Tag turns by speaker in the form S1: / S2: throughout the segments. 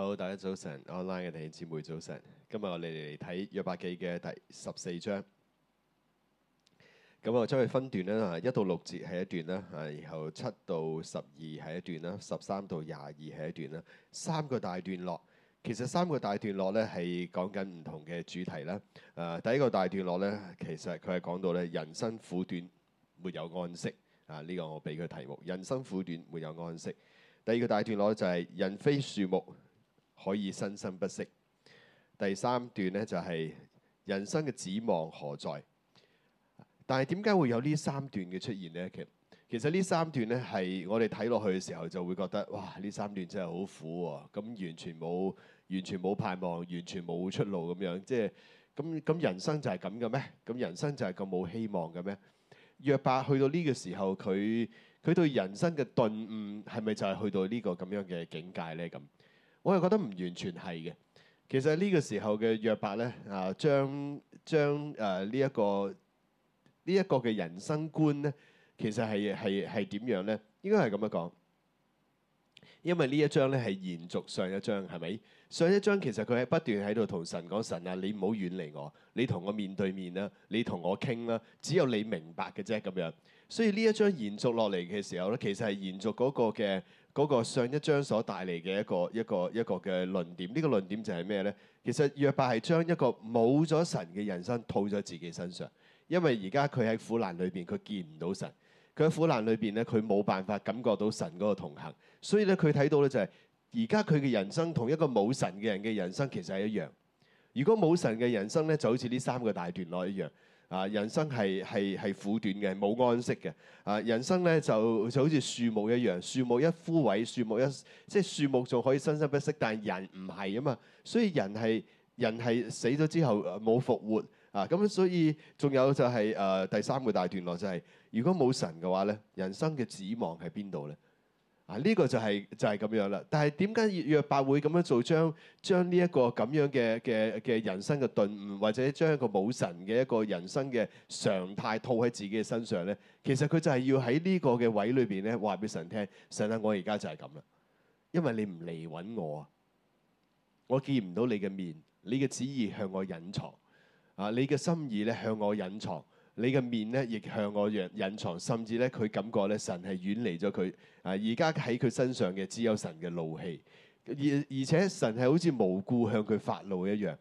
S1: 好，Hello, 大家早晨，online 嘅弟兄姊妹早晨。今日我哋嚟睇約伯記嘅第十四章。咁我將佢分段啦，一到六節係一段啦，啊，然後七到十二係一段啦，十三到廿二係一段啦，三個大段落。其實三個大段落咧係講緊唔同嘅主題啦。誒、啊，第一個大段落咧，其實佢係講到咧人生苦短，沒有安息。啊，呢、這個我俾佢題目：人生苦短，沒有安息。第二個大段落就係人非樹木。可以生生不息。第三段咧就係、是、人生嘅指望何在？但係點解會有呢三段嘅出現呢？其實其實呢三段咧係我哋睇落去嘅時候就會覺得哇！呢三段真係好苦喎、啊，咁完全冇完全冇盼望，完全冇出路咁樣，即係咁咁人生就係咁嘅咩？咁人生就係咁冇希望嘅咩？約伯去到呢個時候，佢佢對人生嘅頓悟係咪就係去到呢個咁樣嘅境界呢？咁？我又覺得唔完全係嘅。其實呢個時候嘅約伯咧，啊，將將誒呢一個呢一、呃呢個嘅人生觀咧，其實係係係點樣咧？應該係咁樣講。因為呢一章咧係延續上一章，係咪？上一章其實佢係不斷喺度同神講：神啊，你唔好遠離我，你同我面對面啦，你同我傾啦，只有你明白嘅啫。咁樣，所以呢一章延續落嚟嘅時候咧，其實係延續嗰個嘅。嗰個上一章所帶嚟嘅一個一個一個嘅論點，呢個論點就係咩呢？其實約伯係將一個冇咗神嘅人生套咗自己身上，因為而家佢喺苦難裏邊，佢見唔到神。佢喺苦難裏邊咧，佢冇辦法感覺到神嗰個同行，所以咧佢睇到咧就係而家佢嘅人生同一個冇神嘅人嘅人生其實係一樣。如果冇神嘅人生咧，就好似呢三個大段落一樣。啊！人生係係係苦短嘅，冇安息嘅。啊！人生咧就就好似樹木一樣，樹木一枯萎，樹木一即係樹木仲可以生生不息，但係人唔係啊嘛。所以人係人係死咗之後冇、呃、復活。啊！咁所以仲有就係、是、誒、呃、第三個大段落就係、是，如果冇神嘅話咧，人生嘅指望係邊度咧？啊！呢、這個就係、是、就係、是、咁樣啦。但係點解約伯會咁樣做，將將呢一個咁樣嘅嘅嘅人生嘅頓悟，或者將一個冇神嘅一個人生嘅常態套喺自己嘅身上咧？其實佢就係要喺呢個嘅位裏邊咧，話俾神聽：神啊，我而家就係咁啦。因為你唔嚟揾我啊，我見唔到你嘅面，你嘅旨意向我隱藏啊，你嘅心意咧向我隱藏。你嘅面咧，亦向我一樣隱藏，甚至咧，佢感覺咧，神係遠離咗佢。啊，而家喺佢身上嘅只有神嘅怒氣，而而且神係好似無故向佢發怒一樣。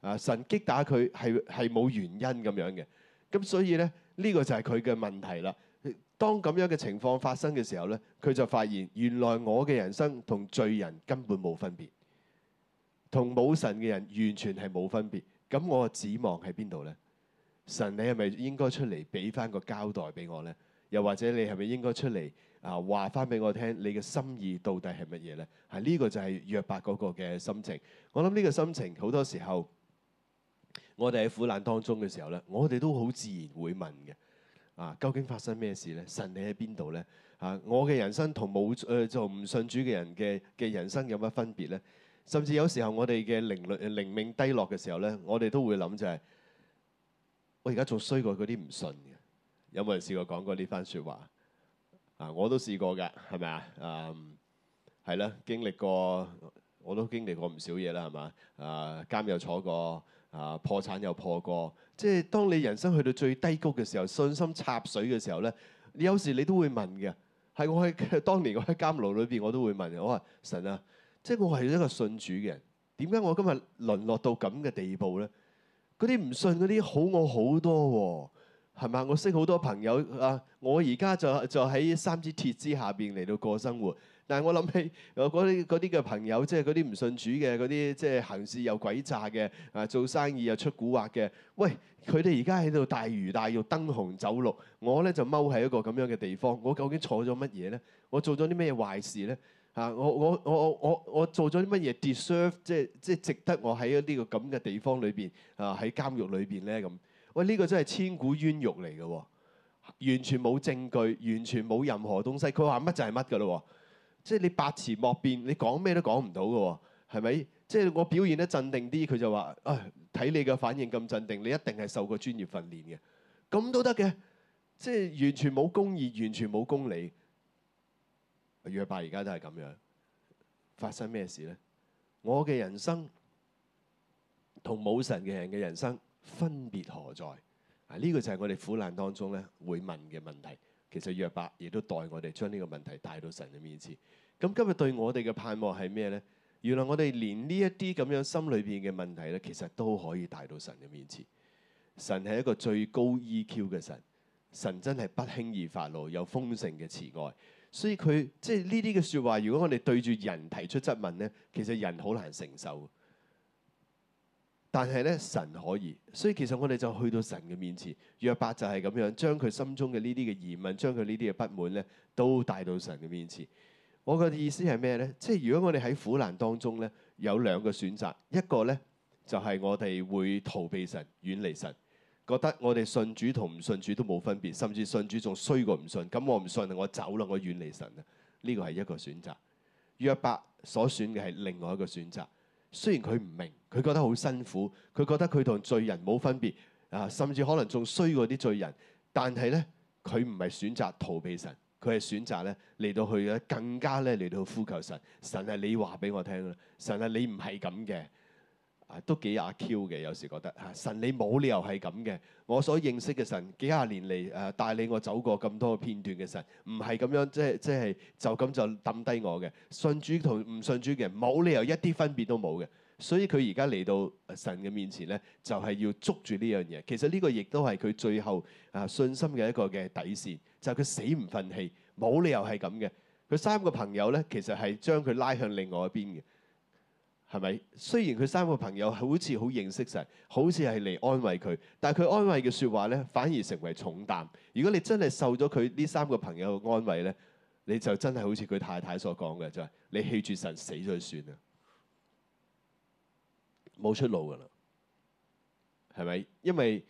S1: 啊，神擊打佢係係冇原因咁樣嘅。咁所以咧，呢個就係佢嘅問題啦。當咁樣嘅情況發生嘅時候咧，佢就發現原來我嘅人生同罪人根本冇分別，同冇神嘅人完全係冇分別。咁我嘅指望喺邊度咧？神，你係咪應該出嚟俾翻個交代俾我呢？又或者你係咪應該出嚟啊話翻俾我聽，你嘅心意到底係乜嘢呢？係、這、呢個就係約伯嗰個嘅心情。我諗呢個心情好多時候，我哋喺苦難當中嘅時候呢，我哋都好自然會問嘅啊：究竟發生咩事呢？神你喺邊度呢？啊！我嘅人生同冇誒做唔信主嘅人嘅嘅人生有乜分別呢？」甚至有時候我哋嘅靈靈命低落嘅時候呢，我哋都會諗就係、是。我而家仲衰過嗰啲唔信嘅，有冇人試過講過呢番説話？啊，我都試過㗎，係咪啊？ 嗯，係啦，經歷過，我都經歷過唔少嘢啦，係嘛？啊，監又坐過，啊，破產又破過。即係當你人生去到最低谷嘅時候，信心插水嘅時候咧，你有時你都會問嘅。係我喺當年我喺監牢裏邊，我都會問我話神啊，即係我係一個信主嘅人，點解我今日淪落到咁嘅地步咧？嗰啲唔信嗰啲好我好多喎，哦，係咪？我識好多朋友啊！我而家就就喺三支鐵枝下邊嚟到過生活。但係我諗起嗰啲嗰啲嘅朋友，即係嗰啲唔信主嘅嗰啲，即係、就是、行事又詭詐嘅啊，做生意又出蠱惑嘅。喂，佢哋而家喺度大魚大肉、燈紅酒綠，我咧就踎喺一個咁樣嘅地方。我究竟錯咗乜嘢咧？我做咗啲咩壞事咧？啊！我我我我我做咗啲乜嘢 deserve 即係即係值得我喺呢個咁嘅地方裏邊，啊，喺監獄裏邊咧。咁喂，呢個真係千古冤獄嚟嘅，完全冇證據，完全冇任何東西。佢話乜就係乜㗎咯，即係你百辭莫辯，你講咩都講唔到嘅，係咪？即係我表現得鎮定啲，佢就話啊，睇你嘅反應咁鎮定，你一定係受過專業訓練嘅，咁都得嘅，即係完全冇公義，完全冇公理。約伯而家都係咁樣，發生咩事呢？我嘅人生同冇神嘅人嘅人生分別何在？啊，呢個就係我哋苦難當中咧會問嘅問題。其實約伯亦都代我哋將呢個問題帶到神嘅面前。咁今日對我哋嘅盼望係咩呢？原來我哋連呢一啲咁樣心裏邊嘅問題咧，其實都可以帶到神嘅面前。神係一個最高 EQ 嘅神，神真係不輕易發怒，有豐盛嘅慈愛。所以佢即係呢啲嘅說話，如果我哋對住人提出質問咧，其實人好難承受。但係咧，神可以，所以其實我哋就去到神嘅面前。約伯就係咁樣將佢心中嘅呢啲嘅疑問，將佢呢啲嘅不滿咧，都帶到神嘅面前。我嘅意思係咩咧？即係如果我哋喺苦難當中咧，有兩個選擇，一個咧就係我哋會逃避神，遠離神。覺得我哋信主同唔信主都冇分別，甚至信主仲衰過唔信。咁我唔信，我走啦，我遠離神啊。呢個係一個選擇。約伯所選嘅係另外一個選擇。雖然佢唔明，佢覺得好辛苦，佢覺得佢同罪人冇分別啊，甚至可能仲衰過啲罪人。但係呢，佢唔係選擇逃避神，佢係選擇咧嚟到去咧更加咧嚟到呼求神。神係、啊、你話俾我聽啦，神係、啊、你唔係咁嘅。都幾阿 Q 嘅，有時覺得嚇神，你冇理由係咁嘅。我所認識嘅神，幾廿年嚟誒帶領我走過咁多片段嘅神，唔係咁樣，即係即係就咁就抌低我嘅。信主同唔信主嘅冇理由一啲分別都冇嘅。所以佢而家嚟到神嘅面前咧，就係、是、要捉住呢樣嘢。其實呢個亦都係佢最後啊信心嘅一個嘅底線，就佢、是、死唔憤氣，冇理由係咁嘅。佢三個朋友咧，其實係將佢拉向另外一邊嘅。係咪？雖然佢三個朋友好似好認識神，好似係嚟安慰佢，但係佢安慰嘅說話咧，反而成為重擔。如果你真係受咗佢呢三個朋友嘅安慰咧，你就真係好似佢太太所講嘅，就係、是、你棄住神，死咗算啦，冇出路噶啦，係咪？因為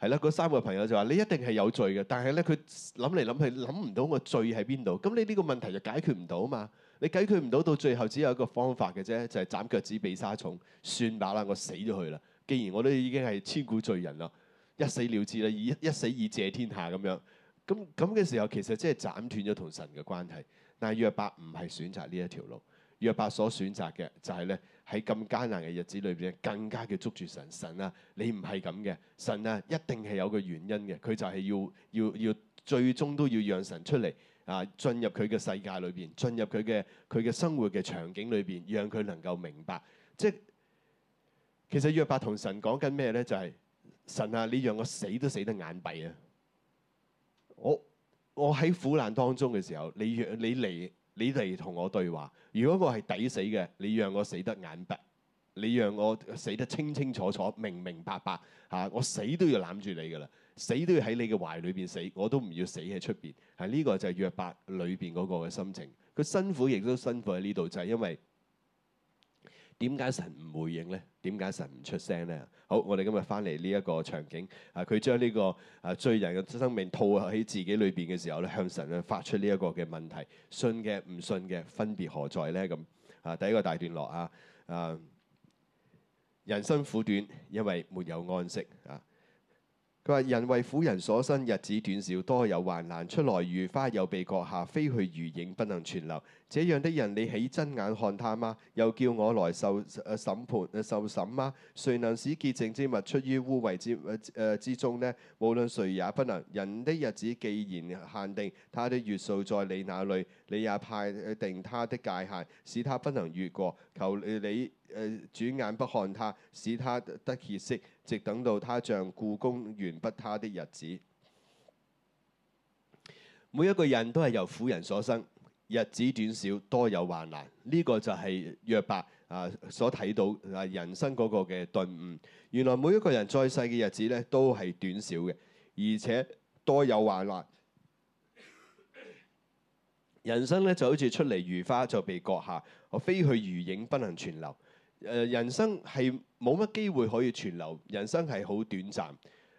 S1: 係啦，嗰三個朋友就話，你一定係有罪嘅，但係咧，佢諗嚟諗去諗唔到個罪喺邊度。咁你呢個問題就解決唔到啊嘛。你解決唔到，到最後只有一個方法嘅啫，就係斬腳趾避沙蟲，算吧啦，我死咗佢啦。既然我都已經係千古罪人啦，一死了之啦，以一死以謝天下咁樣。咁咁嘅時候，其實即係斬斷咗同神嘅關係。但係約伯唔係選擇呢一條路，約伯所選擇嘅就係咧，喺咁艱難嘅日子裏邊，更加嘅捉住神。神啊，你唔係咁嘅，神啊，一定係有個原因嘅，佢就係要要要最終都要讓神出嚟。啊！進入佢嘅世界裏邊，進入佢嘅佢嘅生活嘅場景裏邊，讓佢能夠明白。即係其實約伯同神講緊咩呢？就係神啊！你讓我死都死得眼閉啊！我我喺苦難當中嘅時候，你你你嚟你嚟同我對話。如果我係抵死嘅，你讓我死得眼閉，你讓我死得清清楚楚、明明白白。嚇！我死都要攬住你噶啦～死都要喺你嘅懷裏邊死，我都唔要死喺出邊。啊，呢個就係約伯裏邊嗰個嘅心情。佢辛苦亦都辛苦喺呢度，就係、是、因為點解神唔回應呢？點解神唔出聲呢？好，我哋今日翻嚟呢一個場景。啊，佢將呢、這個啊罪人嘅生命套喺自己裏邊嘅時候咧，向神咧發出呢一個嘅問題：信嘅唔信嘅分別何在呢？咁啊，啊，第一個大段落啊，啊，人生苦短，因為沒有安息啊。佢話：人為婦人所生，日子短少，多有患難。出來如花，又被割下；飛去如影，不能存留。這樣的人，你起真眼看他嗎？又叫我來受誒、呃、審判、誒、呃、受審嗎？誰能使潔淨之物出於污穢之誒誒、呃、之中呢？無論誰也不能。人的日子既然限定，他的月數在你那裏，你也派定他的界限，使他不能越過。求、呃、你，誒轉眼不看他，使他得歇息，直等到他像雇工完畢他的日子。 每一個人都係由婦人所生，日子短少，多有患難。呢、這個就係約伯啊所睇到啊人生嗰個嘅頓悟。原來每一個人在世嘅日子咧，都係短少嘅，而且多有患難。 人生咧就好似出嚟如花就被割下，我飛去如影不能存留。誒人生係冇乜機會可以存留，人生係好短暫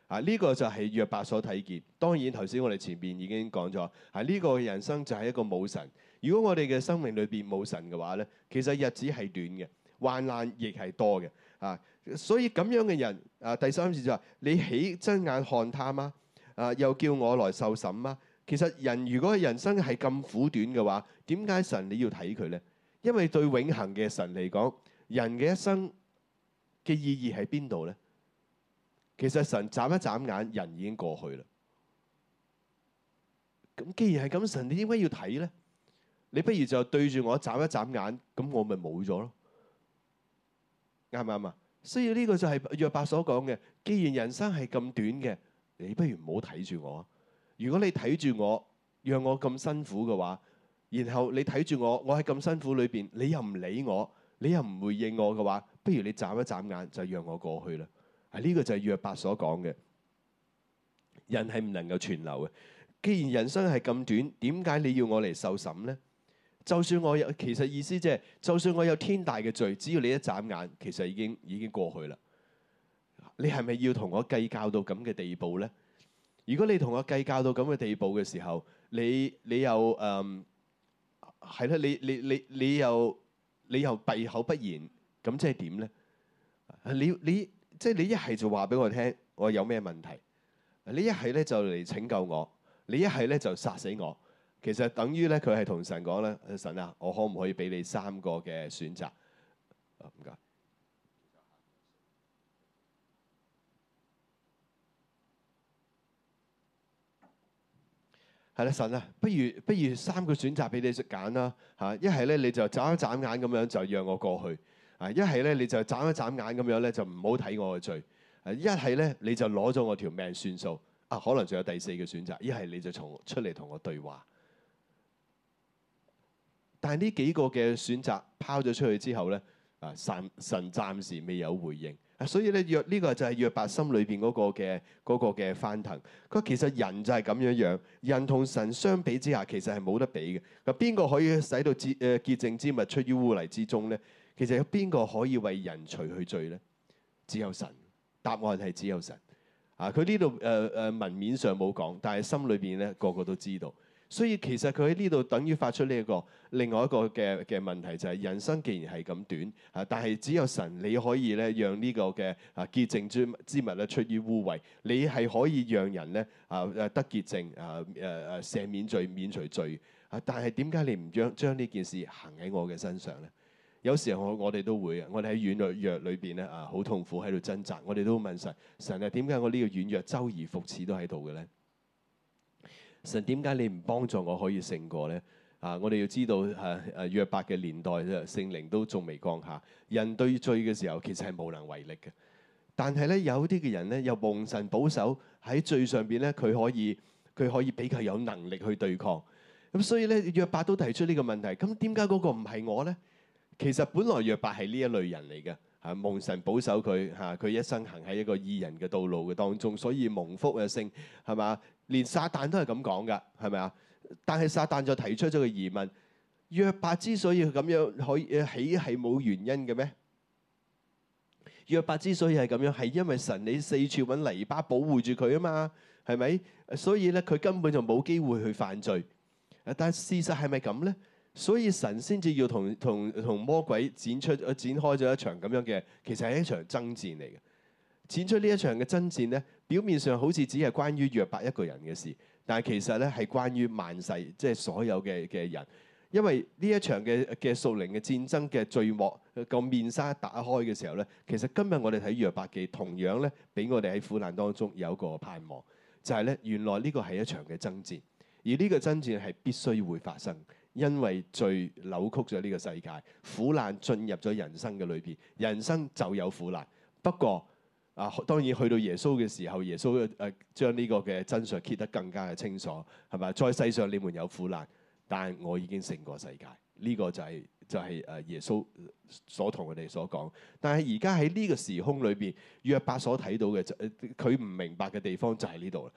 S1: 啊！呢、這個就係約伯所睇見。當然頭先我哋前面已經講咗啊，呢、這個人生就係一個冇神。如果我哋嘅生命裏邊冇神嘅話咧，其實日子係短嘅，患難亦係多嘅啊。所以咁樣嘅人啊，第三次就話、是、你起睜眼看他嗎？啊，又叫我來受審嗎？其實人如果人生係咁苦短嘅話，點解神你要睇佢咧？因為對永恆嘅神嚟講，人嘅一生嘅意義喺邊度咧？其實神眨一眨眼，人已經過去啦。咁既然係咁，神你點解要睇咧？你不如就對住我眨一眨眼，咁我咪冇咗咯？啱唔啱啊？所以呢個就係約伯所講嘅。既然人生係咁短嘅，你不如唔好睇住我。如果你睇住我，讓我咁辛苦嘅話，然後你睇住我，我喺咁辛苦裏邊，你又唔理我。你又唔回應我嘅話，不如你眨一眨眼就讓我過去啦。啊，呢個就係約伯所講嘅，人係唔能夠存留嘅。既然人生係咁短，點解你要我嚟受審呢？就算我有，其實意思即係，就算我有天大嘅罪，只要你一眨眼，其實已經已經過去啦。你係咪要同我計較到咁嘅地步呢？如果你同我計較到咁嘅地步嘅時候，你你又嗯係啦，你、嗯、你你又。你你你你又閉口不言，咁即係點咧？你你即係你一係就話俾我聽，我有咩問題？你一係咧就嚟拯救我，你一係咧就殺死我。其實等於咧，佢係同神講咧，神啊，我可唔可以俾你三個嘅選擇？唔該。係啦，神啊，不如不如三個選擇俾你揀啦嚇。一係咧你就眨一眨眼咁樣就讓我過去；啊，一係咧你就眨一眨眼咁樣咧就唔好睇我嘅罪；一係咧你就攞咗我條命算數。啊，可能仲有第四個選擇，一係你就從出嚟同我對話。但係呢幾個嘅選擇拋咗出去之後咧，啊，神神暫時未有回應。所以咧，約呢、這個就係約伯心裏邊嗰個嘅嗰嘅翻騰，佢其實人就係咁樣樣，人同神相比之下，其實係冇得比嘅。咁邊個可以使到潔誒潔淨之物出於污泥之中咧？其實有邊個可以為人除去罪咧？只有神。答案係只有神。啊，佢呢度誒誒文面上冇講，但係心裏邊咧個個都知道。所以其實佢喺呢度等於發出呢一個另外一個嘅嘅問題就係人生既然係咁短，啊，但係只有神你可以咧讓呢個嘅啊潔淨之之物咧出於污穢，你係可以讓人咧啊誒得潔淨啊誒誒赦免罪免除罪啊，但係點解你唔將將呢件事行喺我嘅身上咧？有時候我我哋都會嘅，我哋喺軟弱弱裏邊咧啊，好痛苦喺度掙扎，我哋都問神，神啊，點解我呢個軟弱周而復始都喺度嘅咧？神點解你唔幫助我可以勝過咧？啊，我哋要知道啊啊，約伯嘅年代聖靈都仲未降下，人對罪嘅時候其實係無能為力嘅。但係咧有啲嘅人咧又蒙神保守喺罪上邊咧，佢可以佢可以比較有能力去對抗。咁所以咧約伯都提出呢個問題，咁點解嗰個唔係我咧？其實本來約伯係呢一類人嚟嘅，吓、啊、蒙神保守佢，吓、啊、佢一生行喺一個義人嘅道路嘅當中，所以蒙福嘅聖係嘛。連撒旦都係咁講噶，係咪啊？但係撒旦就提出咗個疑問：約伯之所以咁樣可以起，係冇原因嘅咩？約伯之所以係咁樣，係因為神你四處揾泥巴保護住佢啊嘛，係咪？所以咧，佢根本就冇機會去犯罪。但事實係咪咁咧？所以神先至要同同同魔鬼展出展開咗一場咁樣嘅，其實係一場爭戰嚟嘅。展出呢一場嘅爭戰咧。表面上好似只係關於約伯一個人嘅事，但係其實咧係關於萬世，即係所有嘅嘅人，因為呢一場嘅嘅屬靈嘅戰爭嘅序幕個面紗打開嘅時候咧，其實今日我哋睇約伯記，同樣咧俾我哋喺苦難當中有一個盼望，就係、是、咧原來呢個係一場嘅爭戰，而呢個爭戰係必須會發生，因為罪扭曲咗呢個世界，苦難進入咗人生嘅裏邊，人生就有苦難，不過。啊，當然去到耶穌嘅時候，耶穌誒、啊、將呢個嘅真相揭得更加嘅清楚，係咪？在世上你們有苦難，但我已經勝過世界。呢、這個就係、是、就係、是、誒耶穌所同佢哋所講。但係而家喺呢個時空裏邊，約伯所睇到嘅就佢唔明白嘅地方就喺呢度啦。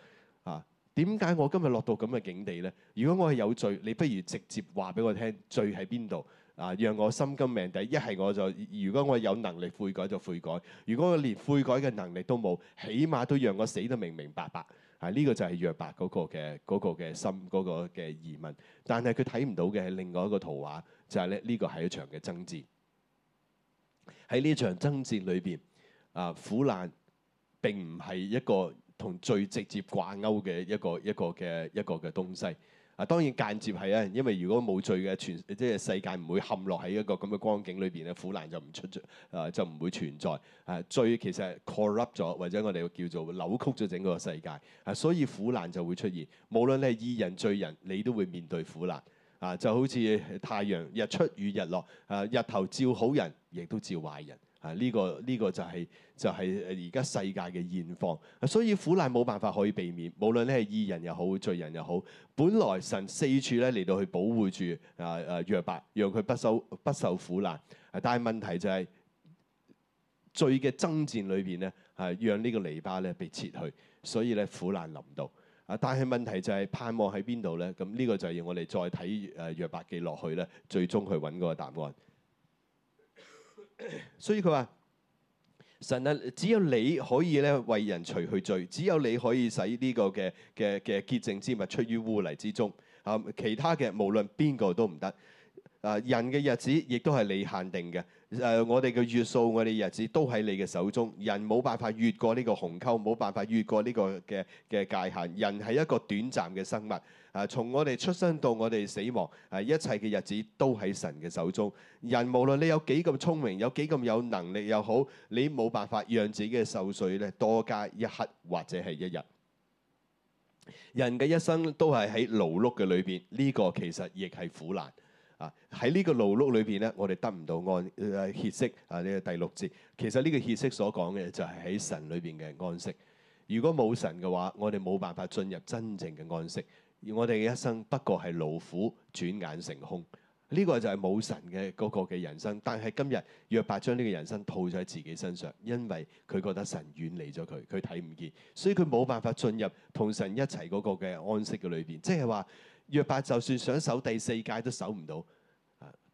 S1: 啊，點解我今日落到咁嘅境地咧？如果我係有罪，你不如直接話俾我聽，罪喺邊度？啊！讓我心甘命抵，一係我就如果我有能力悔改就悔改；如果我連悔改嘅能力都冇，起碼都讓我死得明明白白。啊！呢、呢個就係約伯嗰個嘅嗰個嘅心嗰個嘅、嗰個、疑問，但係佢睇唔到嘅係另外一個圖畫，就係、係、咧呢個係一場嘅爭戰。喺呢場爭戰裏邊，啊苦難並唔係一個同最直接掛鈎嘅一個一個嘅一個嘅東西。啊，當然間接係啊，因為如果冇罪嘅全，即係世界唔會陷落喺一個咁嘅光景裏邊啊，苦難就唔出，啊、呃、就唔會存在啊。罪其實係 corrupt 咗，或者我哋叫做扭曲咗整個世界啊，所以苦難就會出現。無論你係義人罪人，你都會面對苦難啊。就好似太陽日出與日落啊，日頭照好人，亦都照壞人。啊！呢、這個呢、這個就係、是、就係而家世界嘅現況。啊，所以苦難冇辦法可以避免，無論你係義人又好，罪人又好。本來神四處咧嚟到去保護住啊啊約伯、啊，讓佢不受不受苦難。啊、但係問題就係罪嘅爭戰裏邊咧，係、啊、讓呢個籬笆咧被撤去，所以咧苦難臨到。啊，但係問題就係盼望喺邊度咧？咁、啊、呢、這個就係要我哋再睇誒約伯記落去咧，最終去揾嗰個答案。所以佢話神啊，只有你可以咧為人除去罪，只有你可以使呢個嘅嘅嘅潔淨之物出於污泥之中啊。其他嘅無論邊個都唔得啊。人嘅日子亦都係你限定嘅誒、呃，我哋嘅月數，我哋日子都喺你嘅手中。人冇辦法越過呢個鴻溝，冇辦法越過呢個嘅嘅界限。人係一個短暫嘅生物。啊！從我哋出生到我哋死亡，啊，一切嘅日子都喺神嘅手中。人無論你有幾咁聰明，有幾咁有能力又好，你冇辦法讓自己嘅壽歲咧多加一刻或者係一日。人嘅一生都係喺勞碌嘅裏邊，呢個其實亦係苦難啊！喺呢個勞碌裏邊咧，我哋得唔到安誒歇息啊！呢個第六節其實呢個歇息所講嘅就係喺神裏邊嘅安息。如果冇神嘅話，我哋冇辦法進入真正嘅安息。而我哋嘅一生不過係勞苦轉眼成空。呢、呢個就係冇神嘅嗰個嘅人生。但係今日約伯將呢個人生套咗喺自己身上，因為佢覺得神遠離咗佢，佢睇唔見，所以佢冇辦法進入同神一齊嗰個嘅安息嘅裏邊。即係話約伯就算想守第四誡，都守唔到，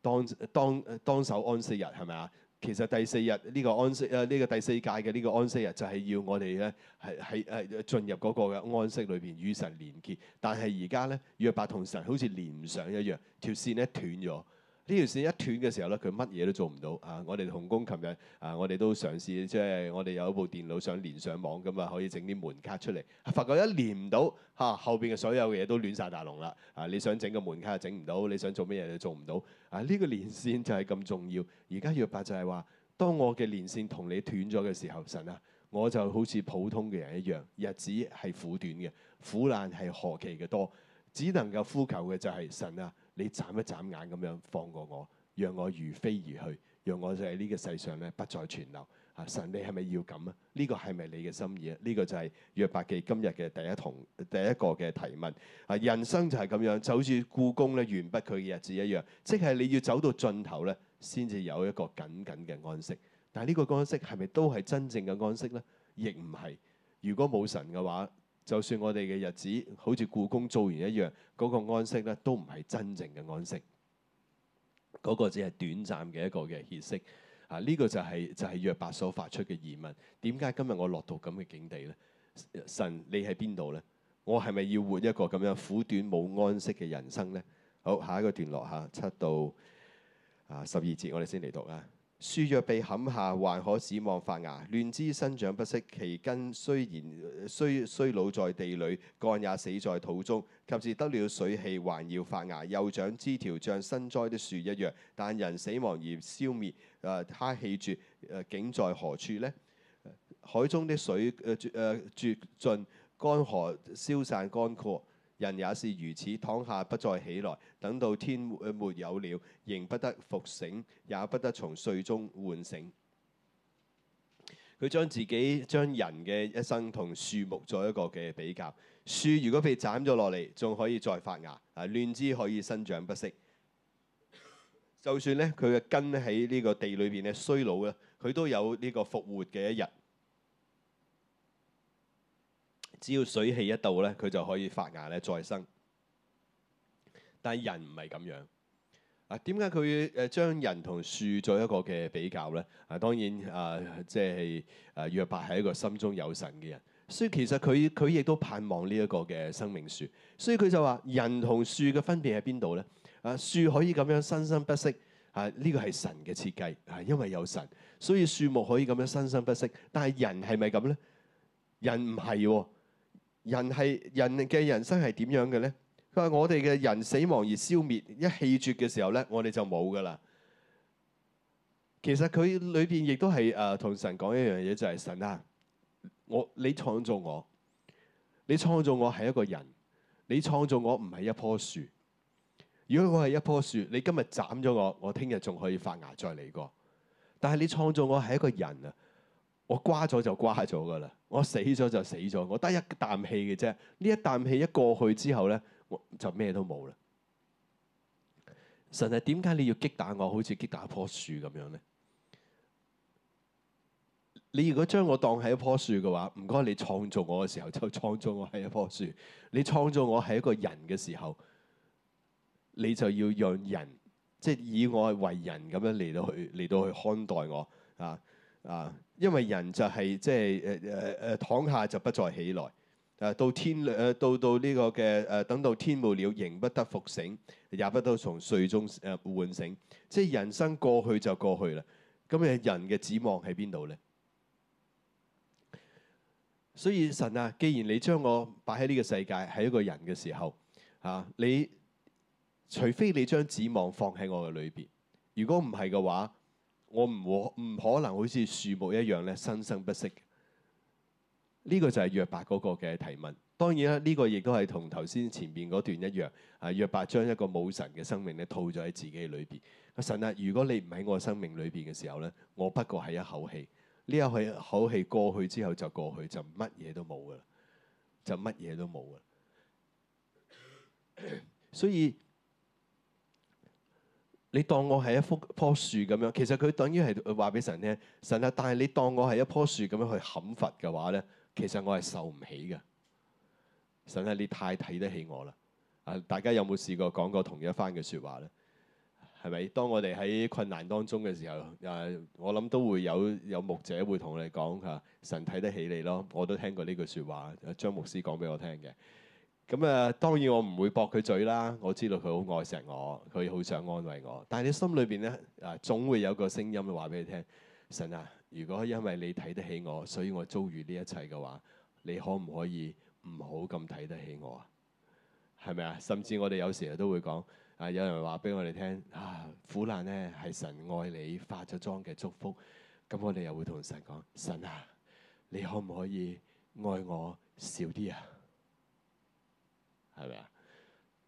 S1: 當當當守安息日係咪啊？其實第四日呢、呢個安息啊，呢、呃呢個第四屆嘅呢個安息日就係要我哋咧係係係進入嗰個嘅安息裏邊與神連結，但係而家咧約伯同神好似連唔上一樣，條線咧斷咗。呢條線一斷嘅時候咧，佢乜嘢都做唔到啊！我哋同工琴日啊，我哋都嘗試即係我哋有一部電腦想連上網咁啊，可以整啲門卡出嚟，發覺一連唔到嚇、啊，後邊嘅所有嘢都亂晒大龍啦啊！你想整個門卡整唔到，你想做乜嘢又做唔到啊！呢、呢個連線就係咁重要。而家約伯就係話：當我嘅連線同你斷咗嘅時候，神啊，我就好似普通嘅人一樣，日子係苦短嘅，苦難係何其嘅多，只能夠呼求嘅就係神啊！你眨一眨眼咁樣放過我，讓我如飛而去，讓我就喺呢個世上咧不再存留。啊，神，你係咪要咁啊？呢、這個係咪你嘅心意啊？呢、這個就係約伯記今日嘅第一堂第一個嘅提問。啊，人生就係咁樣，就好似故宮咧完畢佢嘅日子一樣，即係你要走到盡頭咧，先至有一個緊緊嘅安息。但係呢個安息係咪都係真正嘅安息咧？亦唔係。如果冇神嘅話。就算我哋嘅日子好似雇工做完一樣，嗰、那個安息咧都唔係真正嘅安息，嗰、那個只係短暫嘅一個嘅歇息啊！呢、這個就係、是、就係約伯所發出嘅疑問：點解今日我落到咁嘅境地咧？神你喺邊度咧？我係咪要活一個咁樣苦短冇安息嘅人生咧？好，下一個段落吓七到啊十二節，我哋先嚟讀啊。樹若被砍下，還可指望發芽；嫩枝生長不息，其根雖然衰衰老在地裏，幹也死在土中。及至得了水氣，還要發芽，又長枝條，像新栽的樹一樣。但人死亡而消滅，誒、呃、他氣絕，誒、呃、竟在何處呢？海中的水誒誒、呃絕，呃、絕盡，幹河消散乾涸。人也是如此，躺下不再起來，等到天沒有了，仍不得復醒，也不得從睡中喚醒。佢將自己將人嘅一生同樹木作一個嘅比較。樹如果被斬咗落嚟，仲可以再發芽啊！嫩枝可以生長不息。就算呢，佢嘅根喺呢個地裏邊嘅衰老啦，佢都有呢個復活嘅一日。只要水氣一到咧，佢就可以發芽咧再生。但係人唔係咁樣啊？點解佢誒將人同樹做一個嘅比較咧？啊，當然啊，即係啊，約伯係一個心中有神嘅人，所以其實佢佢亦都盼望呢一個嘅生命樹。所以佢就話：人同樹嘅分別喺邊度咧？啊，樹可以咁樣生生不息啊，呢個係神嘅設計啊，因為有神，所以樹木可以咁樣生生不息。但係人係咪咁咧？人唔係喎。人係人嘅人生係點樣嘅咧？佢話我哋嘅人死亡而消滅，一氣絕嘅時候咧，我哋就冇噶啦。其實佢裏邊亦都係誒同神講一樣嘢，就係神啊，我你創造我，你創造我係一個人，你創造我唔係一棵樹。如果我係一棵樹，你今日斬咗我，我聽日仲可以發芽再嚟過。但係你創造我係一個人啊！我瓜咗就瓜咗噶啦，我死咗就死咗，我得一啖氣嘅啫。呢一啖氣一過去之後呢，我就咩都冇啦。神係，點解你要擊打我，好似擊打一棵樹咁樣呢？你如果將我當係一棵樹嘅話，唔該你創造我嘅時候就創造我係一棵樹。你創造我係一個人嘅時候，你就要讓人，即係以我為人咁樣嚟到去嚟到去看待我啊。啊！因為人就係即係誒誒誒躺下就不再起來誒、呃，到天誒、呃、到到呢個嘅誒、呃、等到天冇了，仍不得復醒，也不得從睡中誒喚、呃、醒。即係人生過去就過去啦。咁樣人嘅指望喺邊度咧？所以神啊，既然你將我擺喺呢個世界，係一個人嘅時候啊，你除非你將指望放喺我嘅裏邊，如果唔係嘅話。我唔我唔可能好似樹木一樣咧，生生不息。呢個就係約伯嗰個嘅提問。當然啦，呢個亦都係同頭先前面嗰段一樣。啊，約伯將一個冇神嘅生命咧，套咗喺自己裏邊。神啊，如果你唔喺我生命裏邊嘅時候咧，我不過係一口氣。呢一口氣過去之後就過去，就乜嘢都冇噶啦，就乜嘢都冇噶啦。所以。你當我係一棵棵樹咁樣，其實佢等於係話俾神聽，神啊！但係你當我係一棵樹咁樣去砍伐嘅話咧，其實我係受唔起嘅。神啊，你太睇得起我啦！啊，大家有冇試過講過同一番嘅說話咧？係咪？當我哋喺困難當中嘅時候，啊，我諗都會有有牧者會同我哋講吓、啊，神睇得起你咯。我都聽過呢句說話，張牧師講俾我聽嘅。咁啊，當然我唔會駁佢嘴啦。我知道佢好愛錫我，佢好想安慰我。但係你心裏邊咧啊，總會有個聲音話俾你聽：神啊，如果因為你睇得起我，所以我遭遇呢一切嘅話，你可唔可以唔好咁睇得起我啊？係咪啊？甚至我哋有時候都會講啊，有人話俾我哋聽啊，苦難咧係神愛你化咗妝嘅祝福。咁我哋又會同神講：神啊，你可唔可以愛我少啲啊？係咪啊？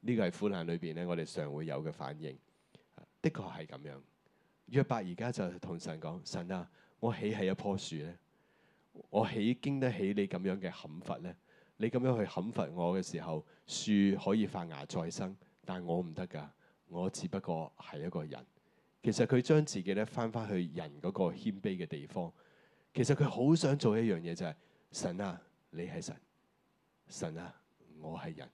S1: 呢個係苦難裏邊咧，我哋常會有嘅反應，的確係咁樣。約伯而家就同神講：神啊，我起係一棵樹咧，我起經得起你咁樣嘅砍伐咧。你咁樣去砍伐我嘅時候，樹可以發芽再生，但係我唔得噶。我只不過係一個人。其實佢將自己咧返返去人嗰個謙卑嘅地方。其實佢好想做一樣嘢，就係、是、神啊，你係神，神啊，我係人。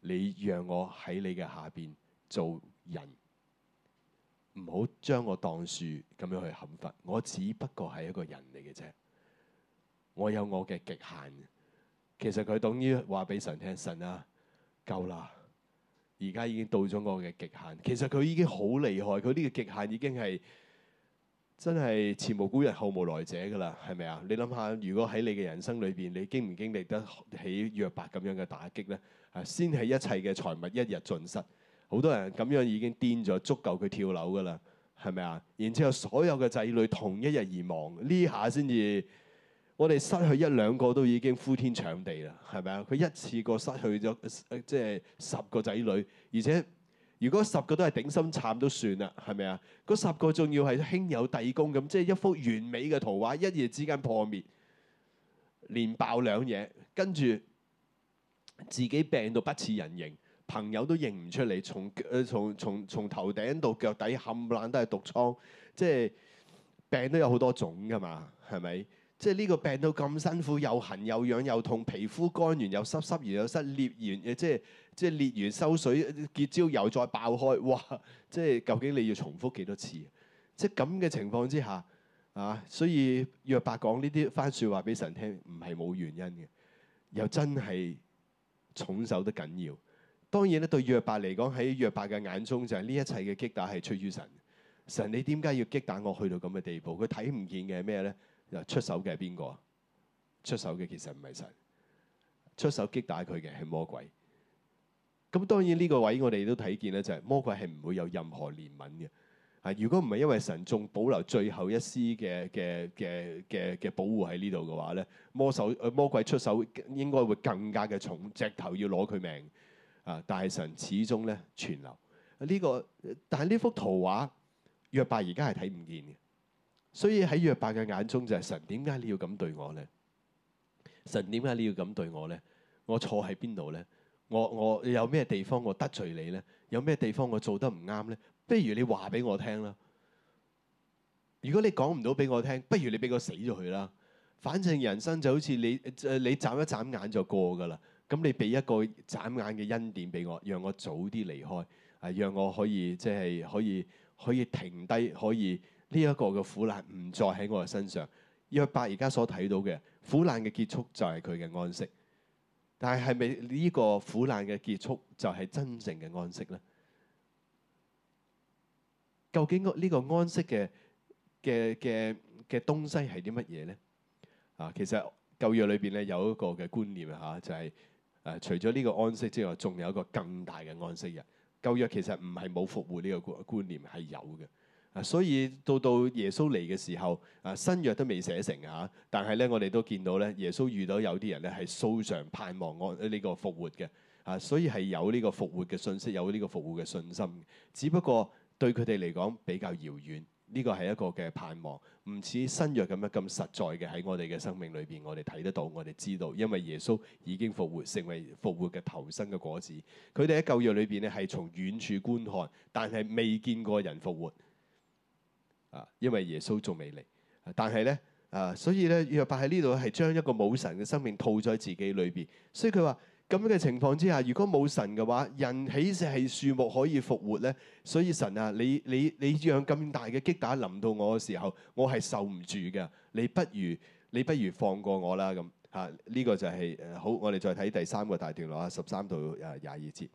S1: 你讓我喺你嘅下邊做人，唔好將我當樹咁樣去砍伐。我只不過係一個人嚟嘅啫，我有我嘅極限。其實佢等於話俾神聽：神啊，夠啦，而家已經到咗我嘅極限。其實佢已經好厲害，佢呢個極限已經係真係前無古人後無來者㗎啦。係咪啊？你諗下，如果喺你嘅人生裏邊，你經唔經歷得起約伯咁樣嘅打擊呢？先係一切嘅財物一日盡失，好多人咁樣已經癲咗，足夠佢跳樓噶啦，係咪啊？然之後所有嘅仔女同一日而亡，呢下先至我哋失去一兩個都已經呼天搶地啦，係咪啊？佢一次過失去咗、呃、即係十個仔女，而且如果十個都係頂心杉都算啦，係咪啊？嗰十個仲要係兄友弟恭咁，即係一幅完美嘅圖畫，一夜之間破滅，連爆兩嘢，跟住。自己病到不似人形，朋友都認唔出嚟。從誒、呃、從從從頭頂到腳底冚爛都係毒瘡，即係病都有好多種㗎嘛，係咪？即係呢個病到咁辛苦，又痕又癢又痛，皮膚乾完又濕又濕，而又濕裂完誒，即係即係裂完收水結焦又再爆開，哇！即係究竟你要重複幾多次？即係咁嘅情況之下啊，所以約伯講呢啲番説話俾神聽，唔係冇原因嘅，又真係。重手得緊要，當然咧對約伯嚟講，喺約伯嘅眼中就係呢一切嘅擊打係出於神。神你點解要擊打我去到咁嘅地步？佢睇唔見嘅係咩咧？又出手嘅係邊個？出手嘅其實唔係神，出手擊打佢嘅係魔鬼。咁當然呢個位我哋都睇見咧，就係魔鬼係唔會有任何憐憫嘅。啊！如果唔係因為神仲保留最後一絲嘅嘅嘅嘅嘅保護喺呢度嘅話咧，魔手魔鬼出手應該會更加嘅重，直頭要攞佢命啊！但係神始終咧存留呢全流、呢個，但係呢幅圖畫約伯而家係睇唔見嘅，所以喺約伯嘅眼中就係神，點解你要咁對我咧？神點解你要咁對我咧？我錯喺邊度咧？我我有咩地方我得罪你咧？有咩地方我做得唔啱咧？不如你話俾我聽啦。如果你講唔到俾我聽，不如你俾個死咗佢啦。反正人生就好似你你，眨一眨眼就過噶啦。咁你俾一個眨眼嘅恩典俾我，讓我早啲離開，啊，讓我可以即係、就是、可以可以停低，可以呢一個嘅苦難唔再喺我嘅身上。約伯而家所睇到嘅苦難嘅結束就係佢嘅安息，但係係咪呢個苦難嘅結束就係真正嘅安息呢？究竟呢個安息嘅嘅嘅嘅東西係啲乜嘢咧？啊，其實舊約裏邊咧有一個嘅觀念啊，就係、是、誒、啊、除咗呢個安息之外，仲有一個更大嘅安息嘅。舊約其實唔係冇復活，呢個觀念係有嘅啊，所以到到耶穌嚟嘅時候啊，新約都未寫成啊，但係咧我哋都見到咧，耶穌遇到有啲人咧係素常盼望安呢、呢個復活嘅啊，所以係有呢個復活嘅信息，有呢個復活嘅信心，只不過。對佢哋嚟講比較遙遠，呢個係一個嘅盼望，唔似新約咁樣咁實在嘅喺我哋嘅生命裏邊，我哋睇得到，我哋知道，因為耶穌已經復活，成為復活嘅頭生嘅果子。佢哋喺舊約裏邊咧，係從遠處觀看，但係未見過人復活，因為耶穌仲未嚟。但係呢，啊，所以呢，約伯喺呢度係將一個武神嘅生命套在自己裏邊，所以佢話。.咁樣嘅情況之下，如果冇神嘅話，人豈是樹木可以復活咧。所以神啊，你你你，你讓咁大嘅擊打臨到我嘅時候，我係受唔住嘅。你不如你不如放過我啦。咁嚇呢個就係、是、好。我哋再睇第三個大段落啊，十三到誒廿二節。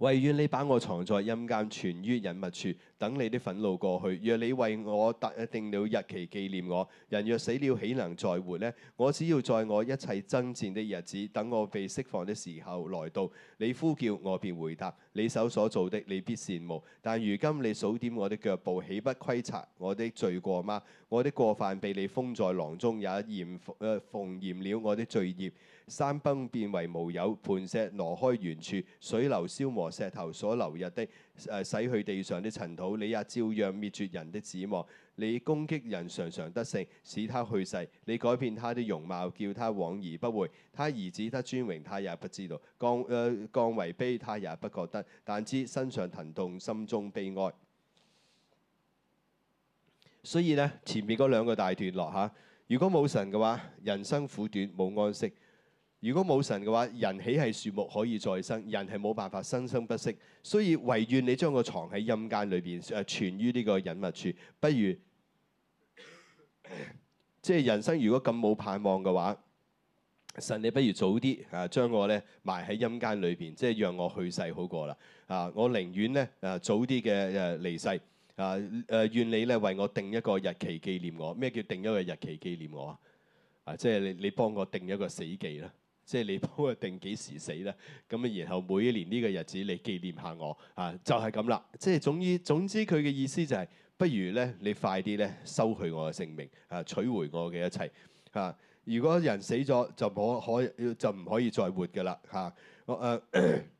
S1: 惟願你把我藏在陰間，存於隱密處，等你的憤怒過去。若你為我定定了日期，記念我，人若死了，豈能再活呢？我只要在我一切爭戰的日子，等我被釋放的時候來到。你呼叫，我便回答。你手所做的，你必羨慕。但如今你數點我的腳步，豈不窺察我的罪過嗎？我的過犯被你封在囊中，也嚴縫縫、呃、嚴了我的罪孽。山崩變為無有，磐石挪開原處，水流消磨石頭，所流入的、呃、洗去地上的塵土。你也照樣滅絕人的指望，你攻擊人常常得勝，使他去世。你改變他的容貌，叫他往而不回。他兒子得尊榮，他也不知道；降誒、呃、降為卑，他也不覺得。但知身上疼痛，心中悲哀。所以呢，前面嗰兩個大段落吓，如果冇神嘅話，人生苦短，冇安息。如果冇神嘅話，人豈係樹木可以再生，人係冇辦法生生不息，所以唯願你將我藏喺陰間裏邊誒，存於呢個隱密處。不如即係人生如果咁冇盼望嘅話，神你不如早啲啊將我咧埋喺陰間裏邊，即係讓我去世好過啦啊！我寧願咧誒早啲嘅誒離世啊誒，願、呃嗯、你咧為我定一個日期紀念我。咩叫定一個日期紀、紀念我啊？啊，即、就、係、是、你你、你幫我定一個死忌啦。即係你幫我定幾時死啦，咁啊然後每一年呢個日子嚟紀念下我啊，就係咁啦。即係總之總之佢嘅意思就係、是，不如咧你快啲咧收去我嘅性命啊，取回我嘅一切啊。如果人死咗，就可可就唔可以再活㗎啦嚇。好誒。呃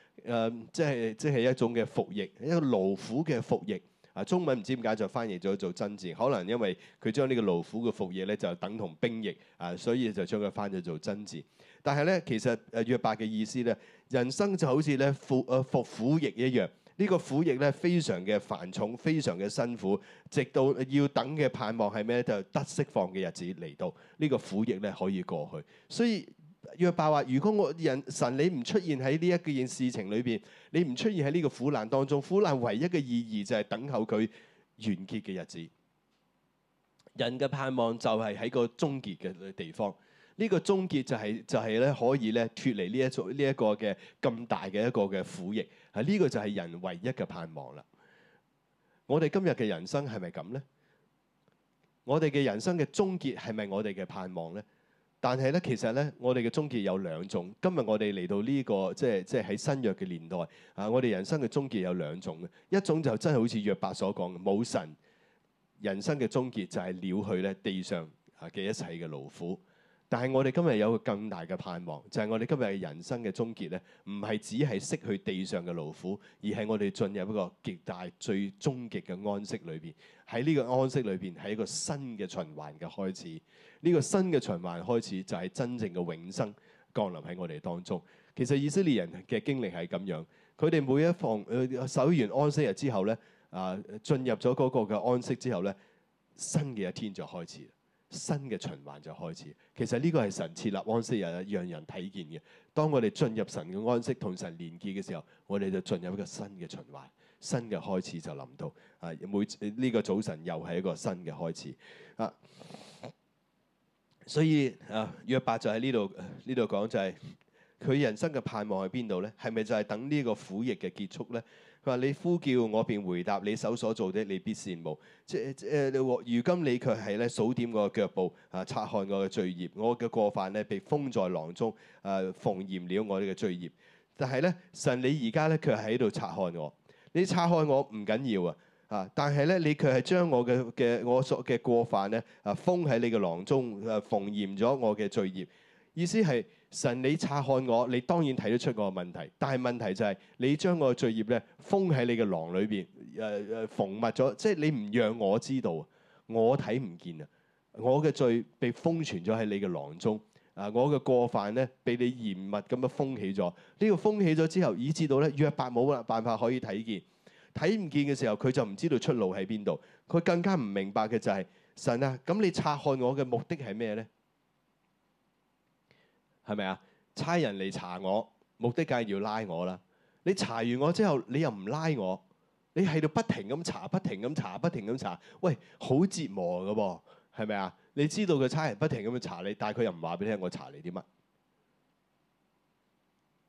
S1: 誒、嗯，即係即係一種嘅服役，一個勞苦嘅服役。啊，中文唔知點解就翻譯咗做爭戰，可能因為佢將呢個勞苦嘅服役咧，就等同兵役啊，所以就將佢翻咗做爭戰。但係咧，其實約伯嘅意思咧，人生就好似咧服誒服苦役一樣。這個、呢個苦役咧，非常嘅繁重，非常嘅辛苦，直到要等嘅盼望係咩咧？就得釋放嘅日子嚟到，這個、呢個苦役咧可以過去，所以。約伯話：如果我人神你唔出現喺呢一件事情裏邊，你唔出現喺呢個苦難當中，苦難唯一嘅意義就係等候佢完結嘅日子。人嘅盼望就係喺個終結嘅地方。呢個終結就係、就係咧可以咧脫離呢一種呢一個嘅咁大嘅一個嘅苦役。啊，呢個就係人唯一嘅盼望啦。我哋今日嘅人生係咪咁咧？我哋嘅人生嘅終結係咪我哋嘅盼望咧？但係咧，其實咧，我哋嘅終結有兩種。今日我哋嚟到呢個即係即係喺新約嘅年代啊，我哋人生嘅終結有兩種嘅，一種就真係好似約伯所講嘅，冇神，人生嘅終結就係了去咧地上啊嘅一切嘅勞苦。但係我哋今日有個更大嘅盼望，就係、是、我哋今日人生嘅終結咧，唔係只係失去地上嘅勞苦，而係我哋進入一個極大最終極嘅安息裏邊。喺呢個安息裏邊，係一個新嘅循環嘅開始。呢、這個新嘅循環開始，就係真正嘅永生降臨喺我哋當中。其實以色列人嘅經歷係咁樣，佢哋每一放誒、呃、守完安息日之後咧，啊、呃、進入咗嗰個嘅安息之後咧，新嘅一天就開始。新嘅循環就開始。其實呢個係神設立安息日，讓人睇見嘅。當我哋進入神嘅安息，同神連結嘅時候，我哋就進入一個新嘅循環，新嘅開始就臨到啊！每呢個早晨又係一個新嘅開始啊！所以啊，約伯就喺呢度呢度講就係佢人生嘅盼望喺邊度呢？係咪就係等呢個苦役嘅結束呢？佢話：你呼叫我便回答，你手所造的你必羨慕。即即你、呃、如今你卻係咧數點我嘅腳步，啊察看我嘅罪孽，我嘅過犯咧被封在囊中，啊縫嚴了我哋嘅罪孽。但係咧，神你而家咧卻係喺度察看我。你察看我唔緊要啊，啊！但係咧，你卻係將我嘅嘅我所嘅過犯咧啊封喺你嘅囊中，啊縫嚴咗我嘅罪孽。意思係。神，你察看我，你當然睇得出我嘅問題。但係問題就係、是，你將我嘅罪孽咧封喺你嘅囊裏邊，誒誒縫密咗，即係你唔讓我知道，我睇唔見啊！我嘅罪被封存咗喺你嘅囊中，啊，我嘅過犯咧被你嚴密咁樣封起咗。呢、這個封起咗之後，以至到咧約伯冇辦法可以睇見，睇唔見嘅時候，佢就唔知道出路喺邊度。佢更加唔明白嘅就係、是、神啊，咁你察看我嘅目的係咩咧？係咪啊？差人嚟查我，目的梗係要拉我啦。你查完我之後，你又唔拉我，你喺度不停咁查，不停咁查，不停咁查，喂，好折磨噶噃、啊，係咪啊？你知道個差人不停咁樣查你，但係佢又唔話俾你聽我查你啲乜，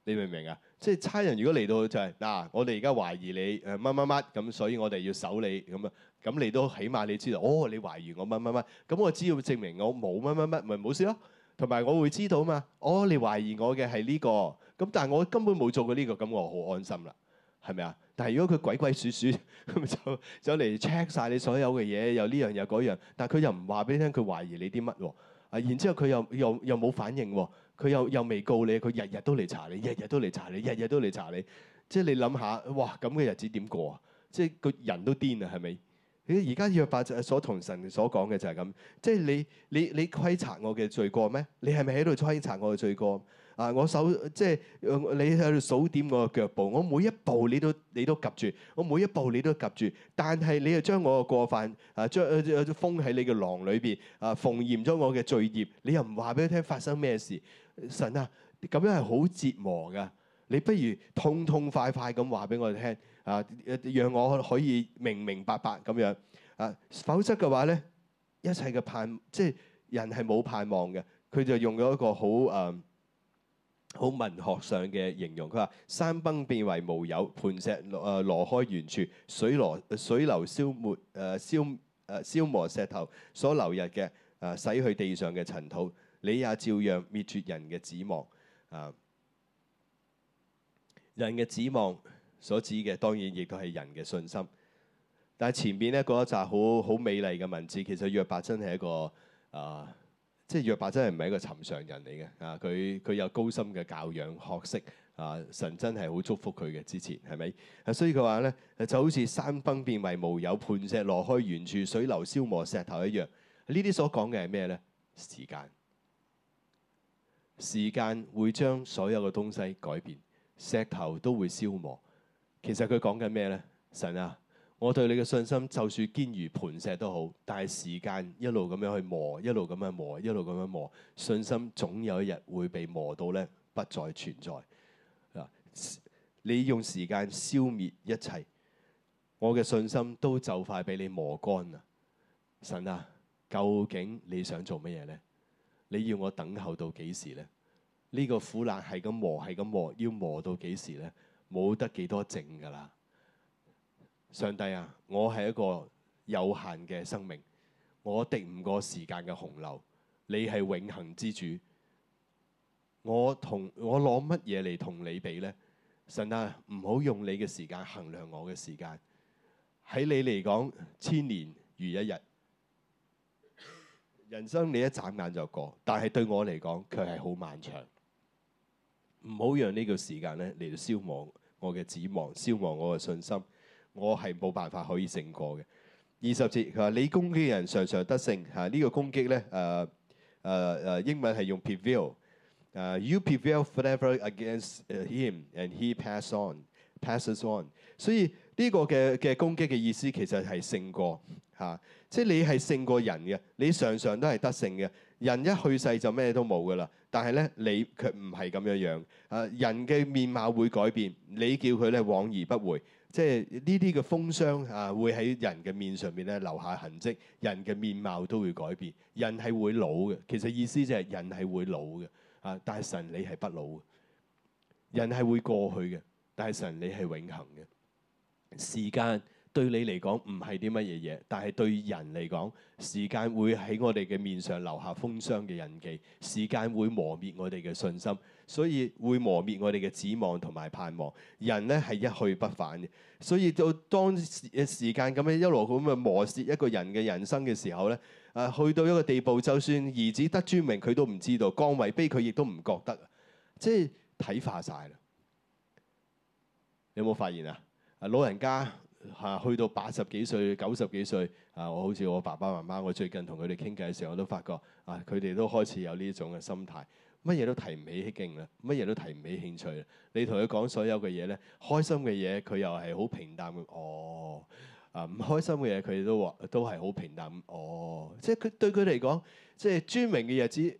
S1: 你明唔明啊？即係差人如果嚟到就係、是、嗱，我哋而家懷疑你乜乜乜咁，所以我哋要守你咁啊，咁你都起碼你知道，哦，你懷疑我乜乜乜，咁我只要證明我冇乜乜乜，咪冇事咯。同埋我會知道嘛，哦，你懷疑我嘅係呢個，咁但係我根本冇做過呢、呢個，咁我好安心啦，係咪啊？但係如果佢鬼鬼祟祟，咁 就就嚟 check 曬你所有嘅嘢，又呢樣又嗰樣，但係佢又唔話俾你聽佢懷疑你啲乜喎，啊，然之後佢又又又冇反應喎，佢、啊、又又未告你，佢日日都嚟查你，日日都嚟查你，日日都嚟查、查你，即係你諗下，哇，咁嘅日子點過啊？即係個人都癲啦，係咪？而家約伯所同神所講嘅就係咁，即係你你你規察我嘅罪過咩？你係咪喺度規察我嘅罪過？啊，我手即係你喺度數點我嘅腳步，我每一步你都你都及住，我每一步你都及住，但係你又將我嘅過犯啊，將誒封喺你嘅囊裏邊啊，縫驗咗我嘅罪孽，你又唔話俾佢聽發生咩事？神啊，咁樣係好折磨噶。你不如痛痛快快咁話俾我哋聽啊，讓我可以明明白白咁樣啊，否則嘅話咧，一切嘅盼即係人係冇盼望嘅，佢就用咗一個好誒好文學上嘅形容，佢話山崩變為無有，磐石誒挪、啊、開原處，水羅水流消沒誒、啊、消誒、啊、消磨石頭所流溢嘅誒洗去地上嘅塵土，你也照樣滅絕人嘅指望啊！人嘅指望所指嘅，當然亦都係人嘅信心。但係前邊咧嗰一集好好美麗嘅文字，其實約伯真係一個啊、呃，即係約伯真係唔係一個尋常人嚟嘅啊。佢佢有高深嘅教養學識啊，神真係好祝福佢嘅。之前係咪？所以佢話咧就好似山崩變為無有，磐石挪開原處，水流消磨石頭一樣。呢啲所講嘅係咩咧？時間，時間會將所有嘅東西改變。石頭都會消磨，其實佢講緊咩呢？神啊，我對你嘅信心，就算堅如磐石都好，但係時間一路咁樣去磨，一路咁樣磨，一路咁樣磨，信心總有一日會被磨到呢，不再存在。你用時間消滅一切，我嘅信心都就快俾你磨乾啦。神啊，究竟你想做乜嘢呢？你要我等候到幾時呢？呢個苦難係咁磨，係咁磨，要磨到幾時呢？冇得幾多剩㗎啦！上帝啊，我係一個有限嘅生命，我敵唔過時間嘅洪流。你係永恆之主，我同我攞乜嘢嚟同你比呢？上帝啊，唔好用你嘅時間衡量我嘅時間。喺你嚟講，千年如一日；人生你一眨眼就過，但係對我嚟講，卻係好漫長。唔好讓呢個時間咧嚟到消磨我嘅指望，消磨我嘅信心。我係冇辦法可以勝過嘅。二十節佢話：你攻擊人，常常得勝。嚇、啊，呢個攻擊咧誒誒誒，英文係用 prevail、uh。誒，you prevail forever against him and he passes on, passes on。所以呢個嘅嘅攻擊嘅意思其實係勝過嚇、啊，即係你係勝過人嘅，你常常都係得勝嘅。人一去世就咩都冇噶啦，但係咧你卻唔係咁樣樣。誒，人嘅面貌會改變，你叫佢咧往而不回，即係呢啲嘅風霜啊會喺人嘅面上面咧留下痕跡，人嘅面貌都會改變，人係會老嘅。其實意思就係人係會老嘅啊，但係神你係不老嘅，人係會過去嘅，但係神你係永恆嘅，時間。對你嚟講唔係啲乜嘢嘢，但係對人嚟講，時間會喺我哋嘅面上留下風霜嘅印記，時間會磨滅我哋嘅信心，所以會磨滅我哋嘅指望同埋盼望。人咧係一去不返嘅，所以就當時嘅時間咁樣一路咁樣磨蝕一個人嘅人生嘅時候咧，啊去到一個地步，就算兒子得尊名，佢都唔知道；降為卑，佢亦都唔覺得，即係睇化晒啦。有冇發現啊？老人家。嚇，去到八十幾歲、九十幾歲，啊，我好似我爸爸媽媽，我最近同佢哋傾偈嘅時候，我都發覺啊，佢哋都開始有呢種嘅心態，乜嘢都提唔起勁啦，乜嘢都提唔起興趣啦。你同佢講所有嘅嘢咧，開心嘅嘢佢又係好平淡咁哦，啊唔開心嘅嘢佢都話都係好平淡哦。即係佢對佢嚟講，即係尊榮嘅日子，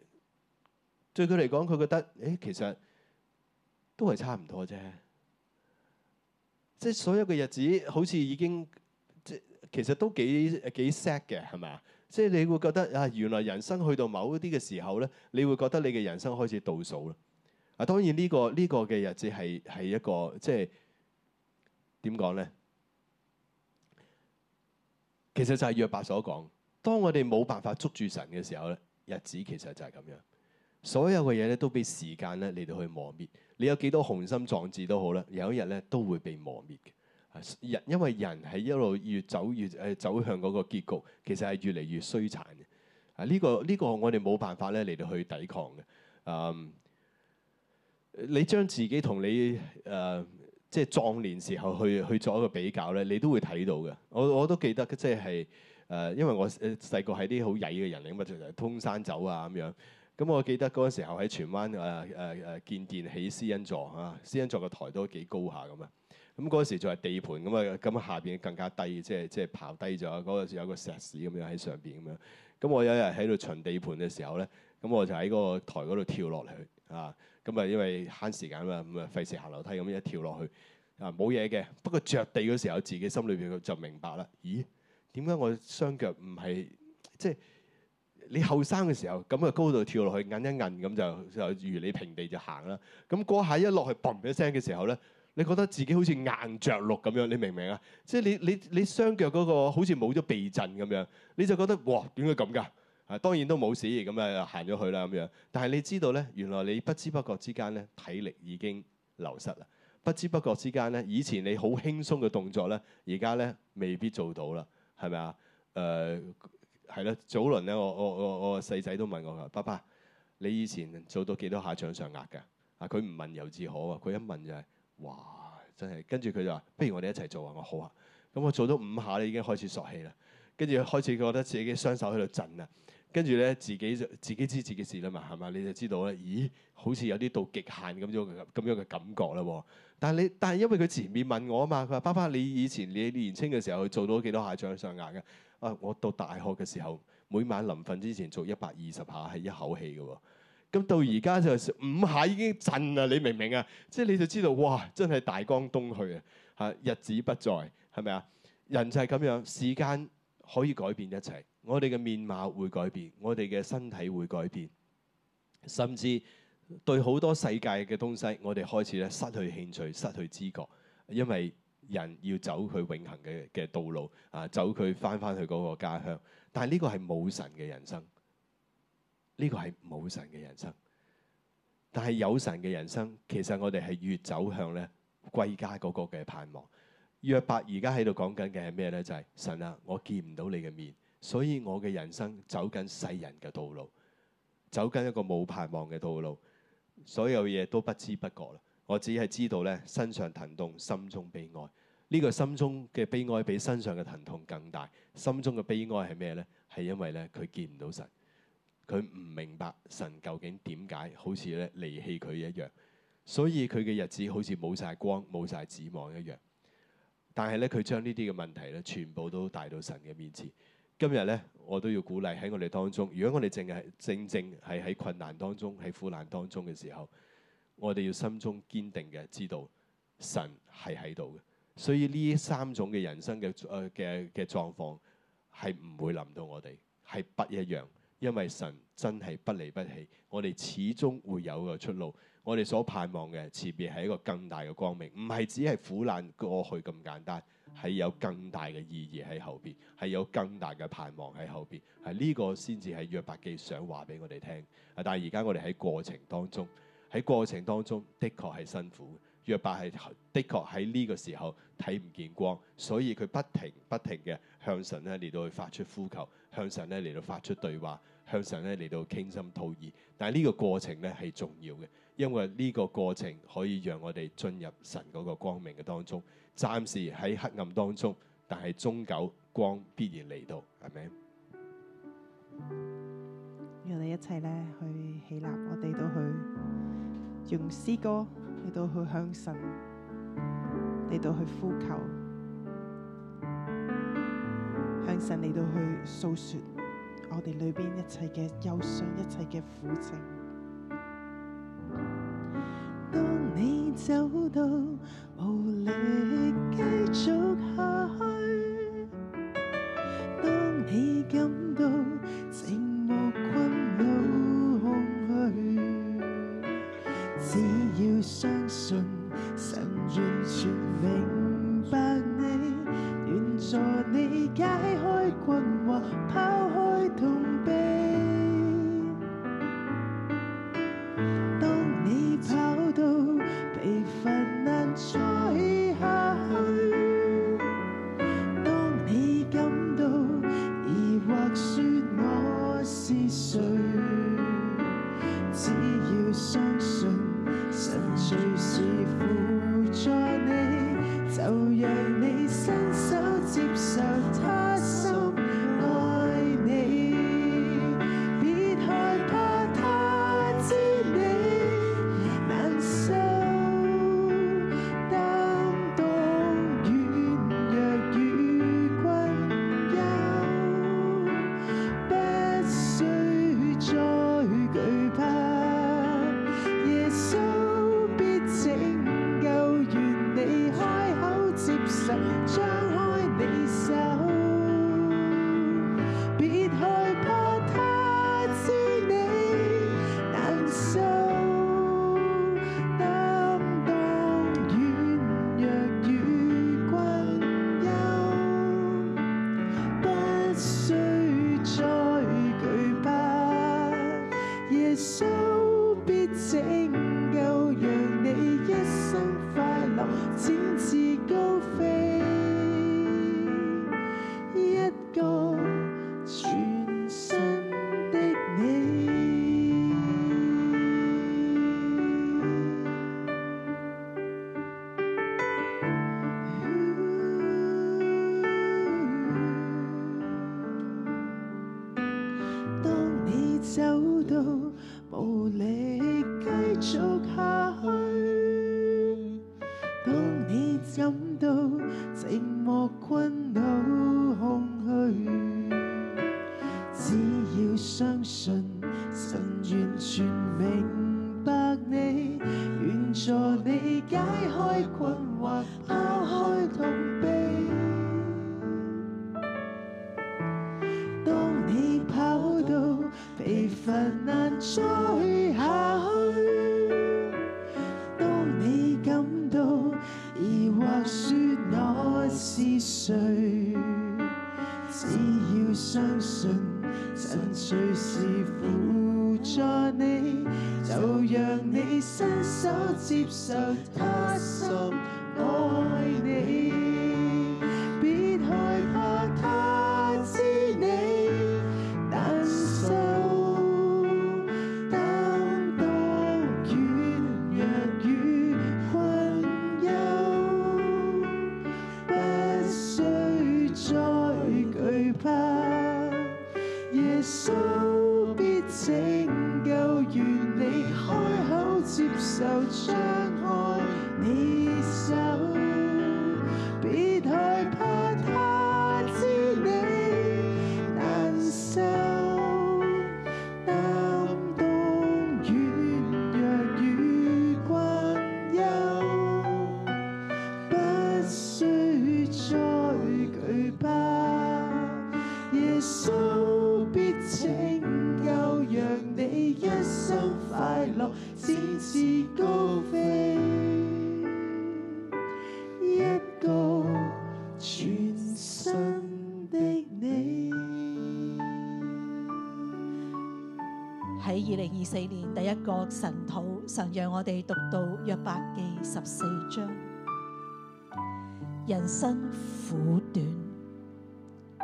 S1: 對佢嚟講，佢覺得誒其實都係差唔多啫。即係所有嘅日子，好似已經即其實都幾幾 sad 嘅，係咪啊？即係你會覺得啊，原來人生去到某啲嘅時候咧，你會覺得你嘅人生開始倒數啦。啊，當然呢個呢個嘅日子係係一個即係點講咧？其實就係約伯所講，當我哋冇辦法捉住神嘅時候咧，日子其實就係咁樣。所有嘅嘢咧都俾時間咧嚟到去磨滅。你有幾多雄心壯志都好啦，有一日咧都會被磨滅嘅。人因為人係一路越走越誒走向嗰個結局，其實係越嚟越衰殘嘅。啊，呢個呢個我哋冇辦法咧嚟到去抵抗嘅。嗯，你將自己同你誒、呃、即係壯年時候去去作一個比較咧，你都會睇到嘅。我我都記得嘅，即係誒、呃，因為我細個係啲好曳嘅人嚟，咁啊成日通山走啊咁樣。咁我記得嗰陣時候喺荃灣誒誒誒建電起私隱座啊，私隱座個台都幾高下咁啊。咁嗰陣時就係地盤咁啊，咁下邊更加低，即係即係刨低咗。嗰陣時有個石屎咁樣喺上邊咁樣。咁我有一日喺度巡地盤嘅時候咧，咁我就喺嗰個台嗰度跳落去。啊，咁啊因為慳時間嘛，咁啊費事行樓梯，咁一跳落去啊冇嘢嘅。不過着地嗰時候，自己心裏邊就明白啦。咦？點解我雙腳唔係即係？你後生嘅時候，咁啊高度跳落去，韌一韌咁就就如你平地就行啦。咁嗰下一落去，砰一聲嘅時候咧，你覺得自己好似硬着陸咁樣，你明唔明啊？即係你你你雙腳嗰個好似冇咗避震咁樣，你就覺得哇，點解咁㗎？啊，當然都冇事，嘢咁啊，行咗去啦咁樣。但係你知道咧，原來你不知不覺之間咧，體力已經流失啦。不知不覺之間咧，以前你好輕鬆嘅動作咧，而家咧未必做到啦，係咪啊？誒、呃。係啦，早輪咧，我我我我細仔都問我佢：爸爸，你以前做到幾多下掌上壓㗎？啊，佢唔問由自可喎，佢一問就係、是、哇，真係跟住佢就話：不如我哋一齊做啊！我好啊。咁我做咗五下咧，已經開始索氣啦。跟住開始覺得自己嘅雙手喺度震啊。跟住咧，自己自己知自己事啦嘛，係嘛？你就知道咧，咦，好似有啲到極限咁樣咁樣嘅感覺啦。但係你但係因為佢前面問我啊嘛，佢話：爸爸，你以前你年輕嘅時候去做到幾多下掌上壓㗎？啊！我到大學嘅時候，每晚臨瞓之前做一百二十下係一口氣嘅喎、哦。咁到而家就五下已經震啦！你明唔明啊？即係你就知道，哇！真係大江東去啊！嚇，日子不在係咪啊？人就係咁樣，時間可以改變一切。我哋嘅面貌會改變，我哋嘅身體會改變，甚至對好多世界嘅東西，我哋開始咧失去興趣、失去知覺，因為。人要走佢永恆嘅嘅道路啊，走佢翻翻去嗰個家鄉，但係呢個係冇神嘅人生，呢個係冇神嘅人生。但係有神嘅人生，其實我哋係越走向咧歸家嗰個嘅盼望。約伯而家喺度講緊嘅係咩咧？就係神啊，我見唔到你嘅面，所以我嘅人生走緊世人嘅道路，走緊一個冇盼望嘅道路，所有嘢都不知不覺啦。我只係知道咧身上疼痛，心中悲哀。呢個心中嘅悲哀比身上嘅疼痛更大。心中嘅悲哀係咩呢？係因為咧，佢見唔到神，佢唔明白神究竟點解好似咧離棄佢一樣，所以佢嘅日子好似冇晒光、冇晒指望一樣。但係咧，佢將呢啲嘅問題咧，全部都帶到神嘅面前。今日咧，我都要鼓勵喺我哋當中。如果我哋淨係正正係喺困難當中、喺苦難當中嘅時候，我哋要心中堅定嘅知道神係喺度嘅。所以呢三種嘅人生嘅誒嘅嘅狀況係唔會臨到我哋？係不一樣，因為神真係不離不棄。我哋始終會有個出路。我哋所盼望嘅前面係一個更大嘅光明，唔係只係苦難過去咁簡單，係有更大嘅意義喺後邊，係有更大嘅盼望喺後邊。係呢個先至係約伯記想話俾我哋聽。但係而家我哋喺過程當中，喺過程當中的確係辛苦。約伯係的確喺呢個時候睇唔見光，所以佢不停不停嘅向神咧嚟到去發出呼求，向神咧嚟到發出對話，向神咧嚟到傾心吐意。但係呢個過程咧係重要嘅，因為呢個過程可以讓我哋進入神嗰個光明嘅當中。暫時喺黑暗當中，但係終究光必然嚟到，係咪？讓
S2: 我哋一齊去起立，我哋都去用詩歌。你都去向神，你都去呼求，向神你都去訴說，我哋裏邊一切嘅憂傷，一切嘅苦情，當你走到無力繼續。
S3: 四年第一個晨禱，神讓我哋讀到約伯記十四章。人生苦短，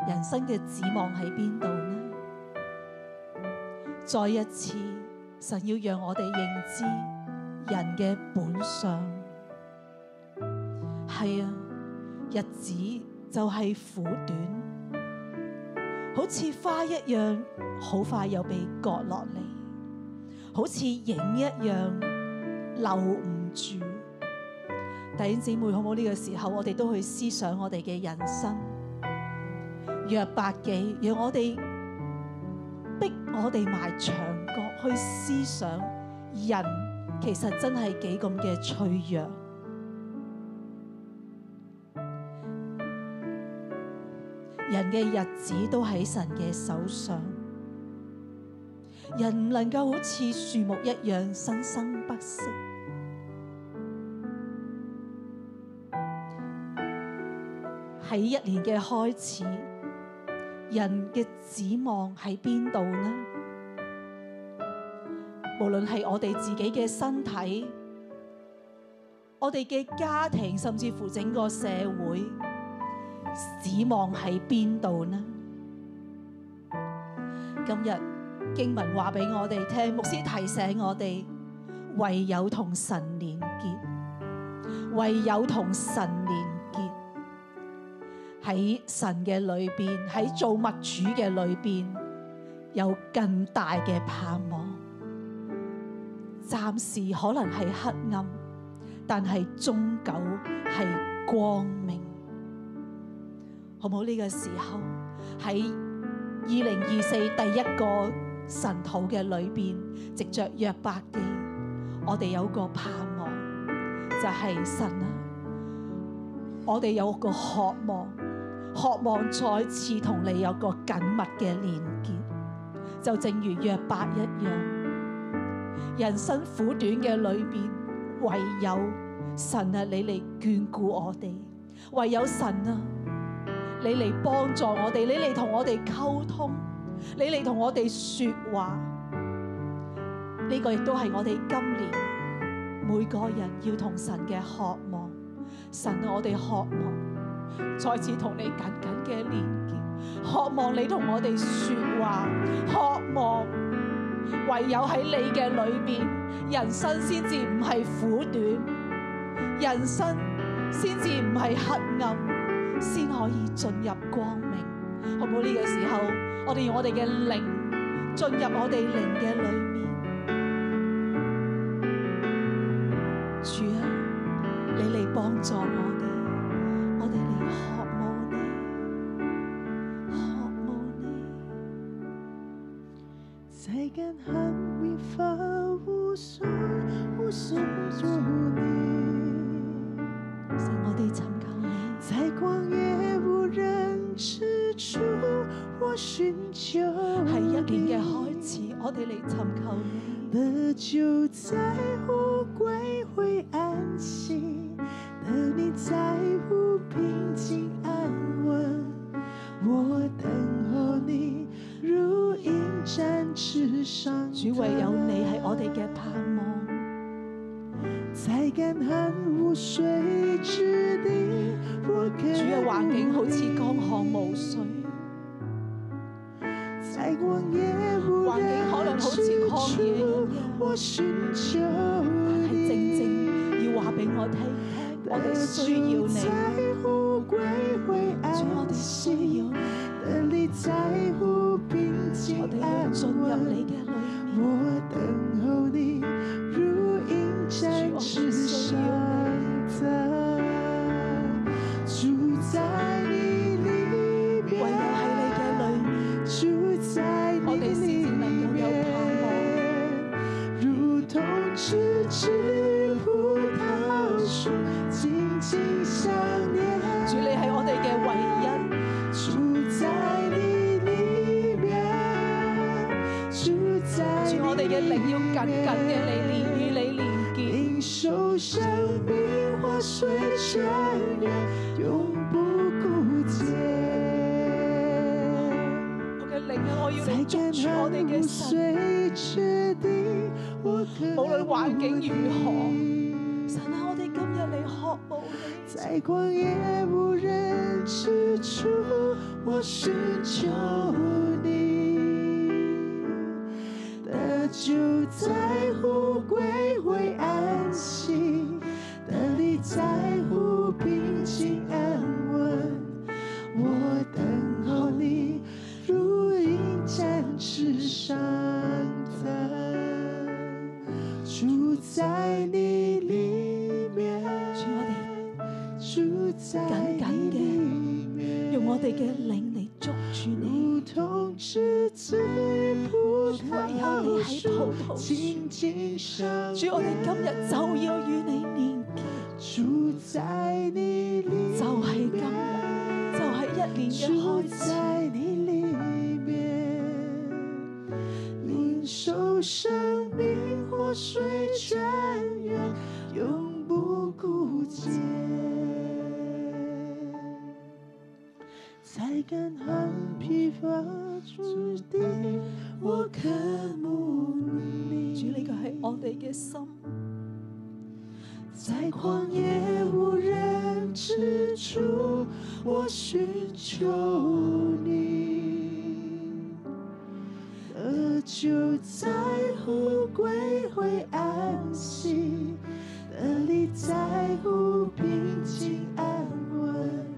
S3: 人生嘅指望喺邊度呢？再一次，神要讓我哋認知人嘅本相。係啊，日子就係苦短，好似花一樣，好快又被割落嚟。好似影一樣留唔住，弟兄姊妹，好唔好呢？這個時候，我哋都去思想我哋嘅人生。約伯記，讓我哋逼我哋埋牆角去思想人,人其實真係幾咁嘅脆弱，人嘅日子都喺神嘅手上。人唔能夠好似樹木一樣生生不息。喺一年嘅開始，人嘅指望喺邊度呢？無論係我哋自己嘅身體，我哋嘅家庭，甚至乎整個社會，指望喺邊度呢？今日。經文話俾我哋聽，牧師提醒我哋，唯有同神連結，唯有同神連結，喺神嘅裏邊，喺造物主嘅裏邊，有更大嘅盼望。暫時可能係黑暗，但係終究係光明。好唔好呢個時候喺二零二四第一個？神土嘅裏邊，藉着約伯記，我哋有個盼望，就係神啊！我哋有個渴望，渴望再次同你有個緊密嘅連結，就正如約伯一樣。人生苦短嘅裏邊，唯有神啊，你嚟眷顧我哋；唯有神啊，你嚟幫助我哋，你嚟同我哋溝通。你嚟同我哋說話，呢個亦都係我哋今年每個人要同神嘅渴望。神，我哋渴望再次同你緊緊嘅連結，渴望你同我哋說話，渴望唯有喺你嘅裏面，人生先至唔係苦短，人生先至唔係黑暗，先可以進入光明，好唔好？呢個時候。我哋用我哋嘅靈進入我哋靈嘅裏面，主啊，你嚟幫助我哋，我哋嚟學
S2: 慕你，學慕你。年嘅開始，我哋嚟尋求你 就在乎，歸回安息，等你在乎平靜安穩，我等候你如鷹展翅上騰。住在你裏面，住在你裏面，用我的靈力捉住你。你喺葡萄樹，主我哋今日就要與你連，住在你裡面，就係今日，就係一年嘅開始。在乾旱疲乏之地，我渴慕
S3: 你，我的心，
S2: 在曠野無人之處，我尋求你，得救在乎歸回安息，得力在乎平靜安穩。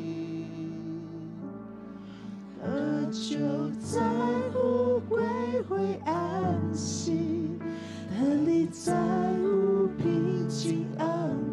S2: 而就在乎歸回安息，但你在乎平靜安穩。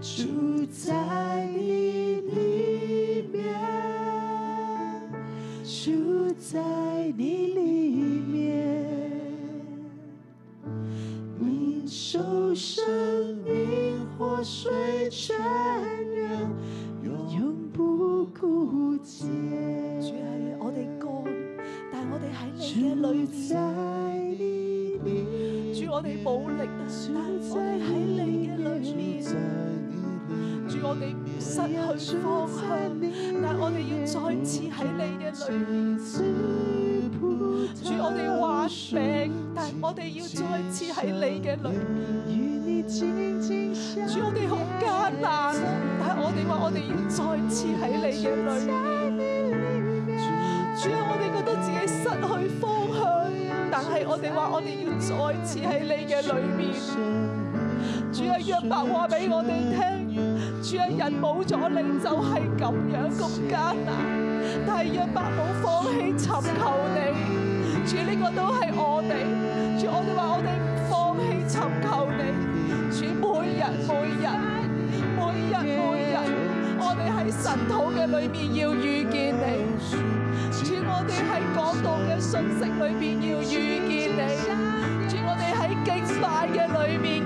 S2: 住在你裏面，住在你。
S3: 主啊，我哋好艱難，但係我哋話我哋要再次喺你嘅裏面。主啊，我哋覺得自己失去方向，但係我哋話我哋要再次喺你嘅裏面。
S2: 主啊，約伯話俾我哋聽，
S3: 主啊，人冇咗你就係咁樣咁艱難，但係約伯冇放棄尋求你。主呢個都係我哋。唔好嘅裏面要遇見你，主，我哋喺講道嘅信息裏面要遇見你，主，我哋喺敬拜嘅裏面。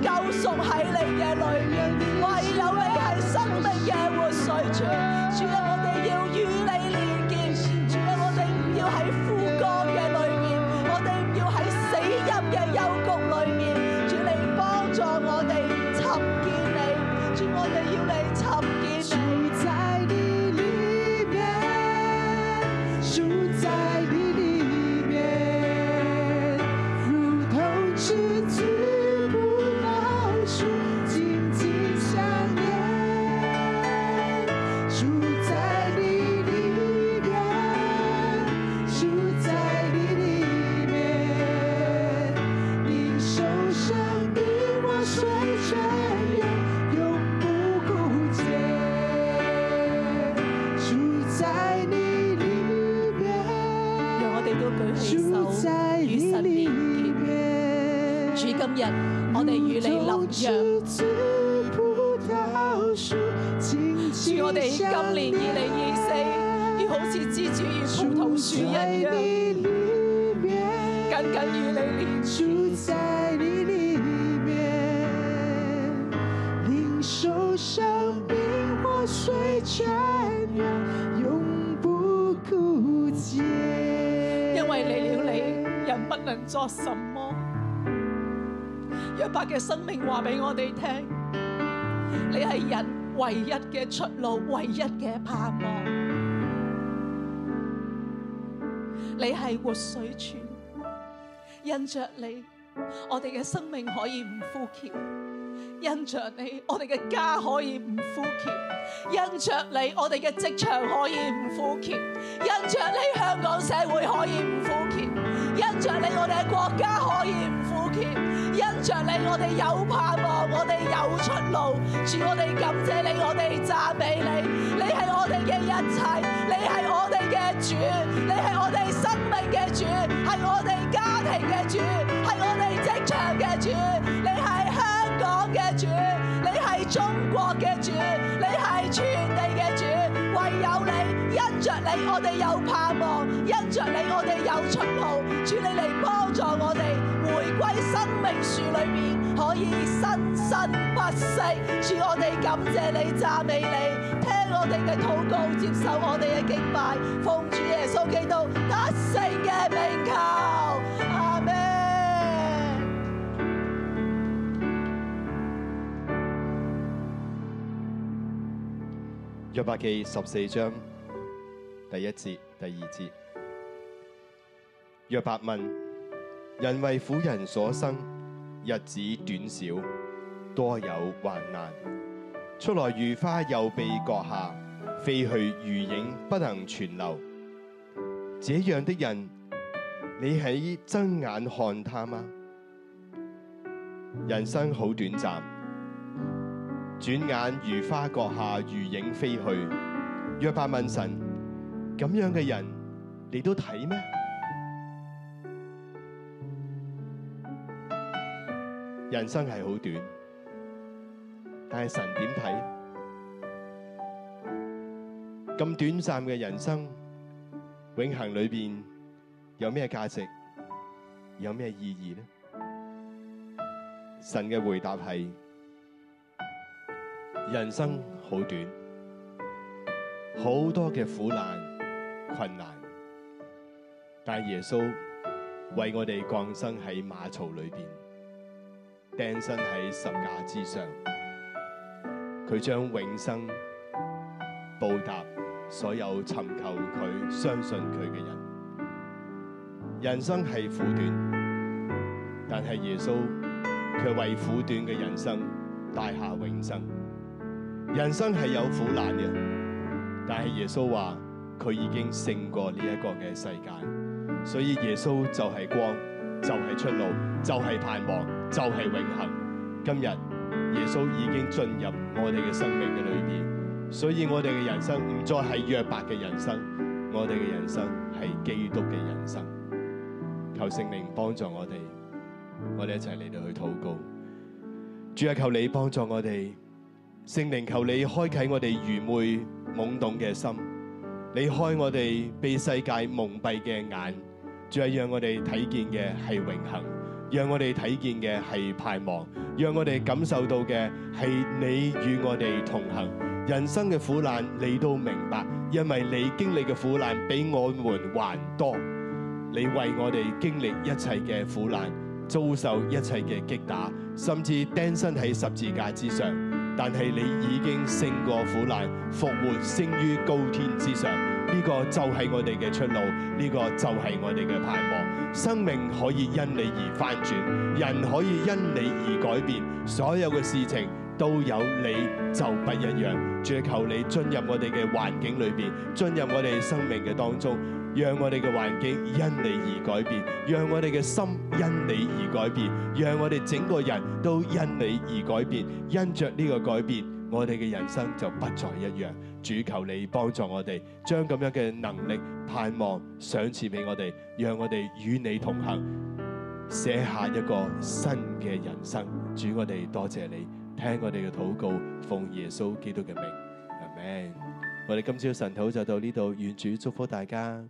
S3: 救贖喺你嘅裏面，唯有你係生命嘅活水泉。做什麼？約伯嘅生命話俾我哋聽，你係人唯一嘅出路，唯一嘅盼望。你係活水泉，因着你，我哋嘅生命可以唔枯竭；因着你，我哋嘅家可以唔枯竭；因着你，我哋嘅職場可以唔枯竭；因着你，香港社會可以唔枯竭。因着你，我哋國家可以唔腐竭；因着你，我哋有盼望，我哋有出路。主，我哋感謝你，我哋讚美你。你係我哋嘅一切，你係我哋嘅主，你係我哋生命嘅主，係我哋家庭嘅主。我哋有盼望，因着你，我哋有出路。主你嚟幫助我哋，回歸生命樹裏邊，可以生生不息。主我哋感謝你，讚美你，聽我哋嘅禱告，接受我哋嘅敬拜，奉主耶穌基督得勝嘅名求，阿門。
S1: 約伯記十四章。第一節、第二節。約伯問：人為婦人所生，日子短少，多有患難。出來如花又被割下，飛去如影不能存留。這樣的人，你喺睜眼看他嗎？人生好短暫，轉眼如花割下，如影飛去。約伯問神。咁樣嘅人，你都睇咩？人生係好短，但係神點睇？咁短暫嘅人生，永恒裏邊有咩價值？有咩意義咧？神嘅回答係：人生好短，好多嘅苦難。困難，但耶穌為我哋降生喺馬槽裏邊，釘身喺十架之上，佢將永生報答所有尋求佢、相信佢嘅人。人生係苦短，但係耶穌卻為苦短嘅人生帶下永生。人生係有苦難嘅，但係耶穌話。佢已經勝過呢一個嘅世界，所以耶穌就係光，就係出路，就係盼望，就係永恆。今日耶穌已經進入我哋嘅生命嘅裏邊，所以我哋嘅人生唔再係約伯嘅人生，我哋嘅人生係基督嘅人生。求聖靈幫助我哋，我哋一齊嚟到去禱告。主啊，求你幫助我哋，聖靈，求你開啟我哋愚昧懵懂嘅心。你開我哋被世界蒙蔽嘅眼，再讓我哋睇見嘅係永恒，讓我哋睇見嘅係盼望，讓我哋感受到嘅係你與我哋同行。人生嘅苦難你都明白，因為你經歷嘅苦難比我們還多。你為我哋經歷一切嘅苦難，遭受一切嘅擊打，甚至釘身喺十字架之上。但係你已經勝過苦難，復活升於高天之上，呢個就係我哋嘅出路，呢個就係我哋嘅盼望。生命可以因你而翻轉，人可以因你而改變，所有嘅事情都有你就不一樣。主求你進入我哋嘅環境裏邊，進入我哋生命嘅當中。讓我哋嘅環境因你而改變，讓我哋嘅心因你而改變，讓我哋整個人都因你而改變。因着呢個改變，我哋嘅人生就不再一樣。主求你幫助我哋，將咁樣嘅能力盼望賞賜俾我哋，讓我哋與你同行，寫下一個新嘅人生。主，我哋多謝,謝你，聽我哋嘅禱告，奉耶穌基督嘅名，阿門。我哋今朝晨禱就到呢度，願主祝福大家。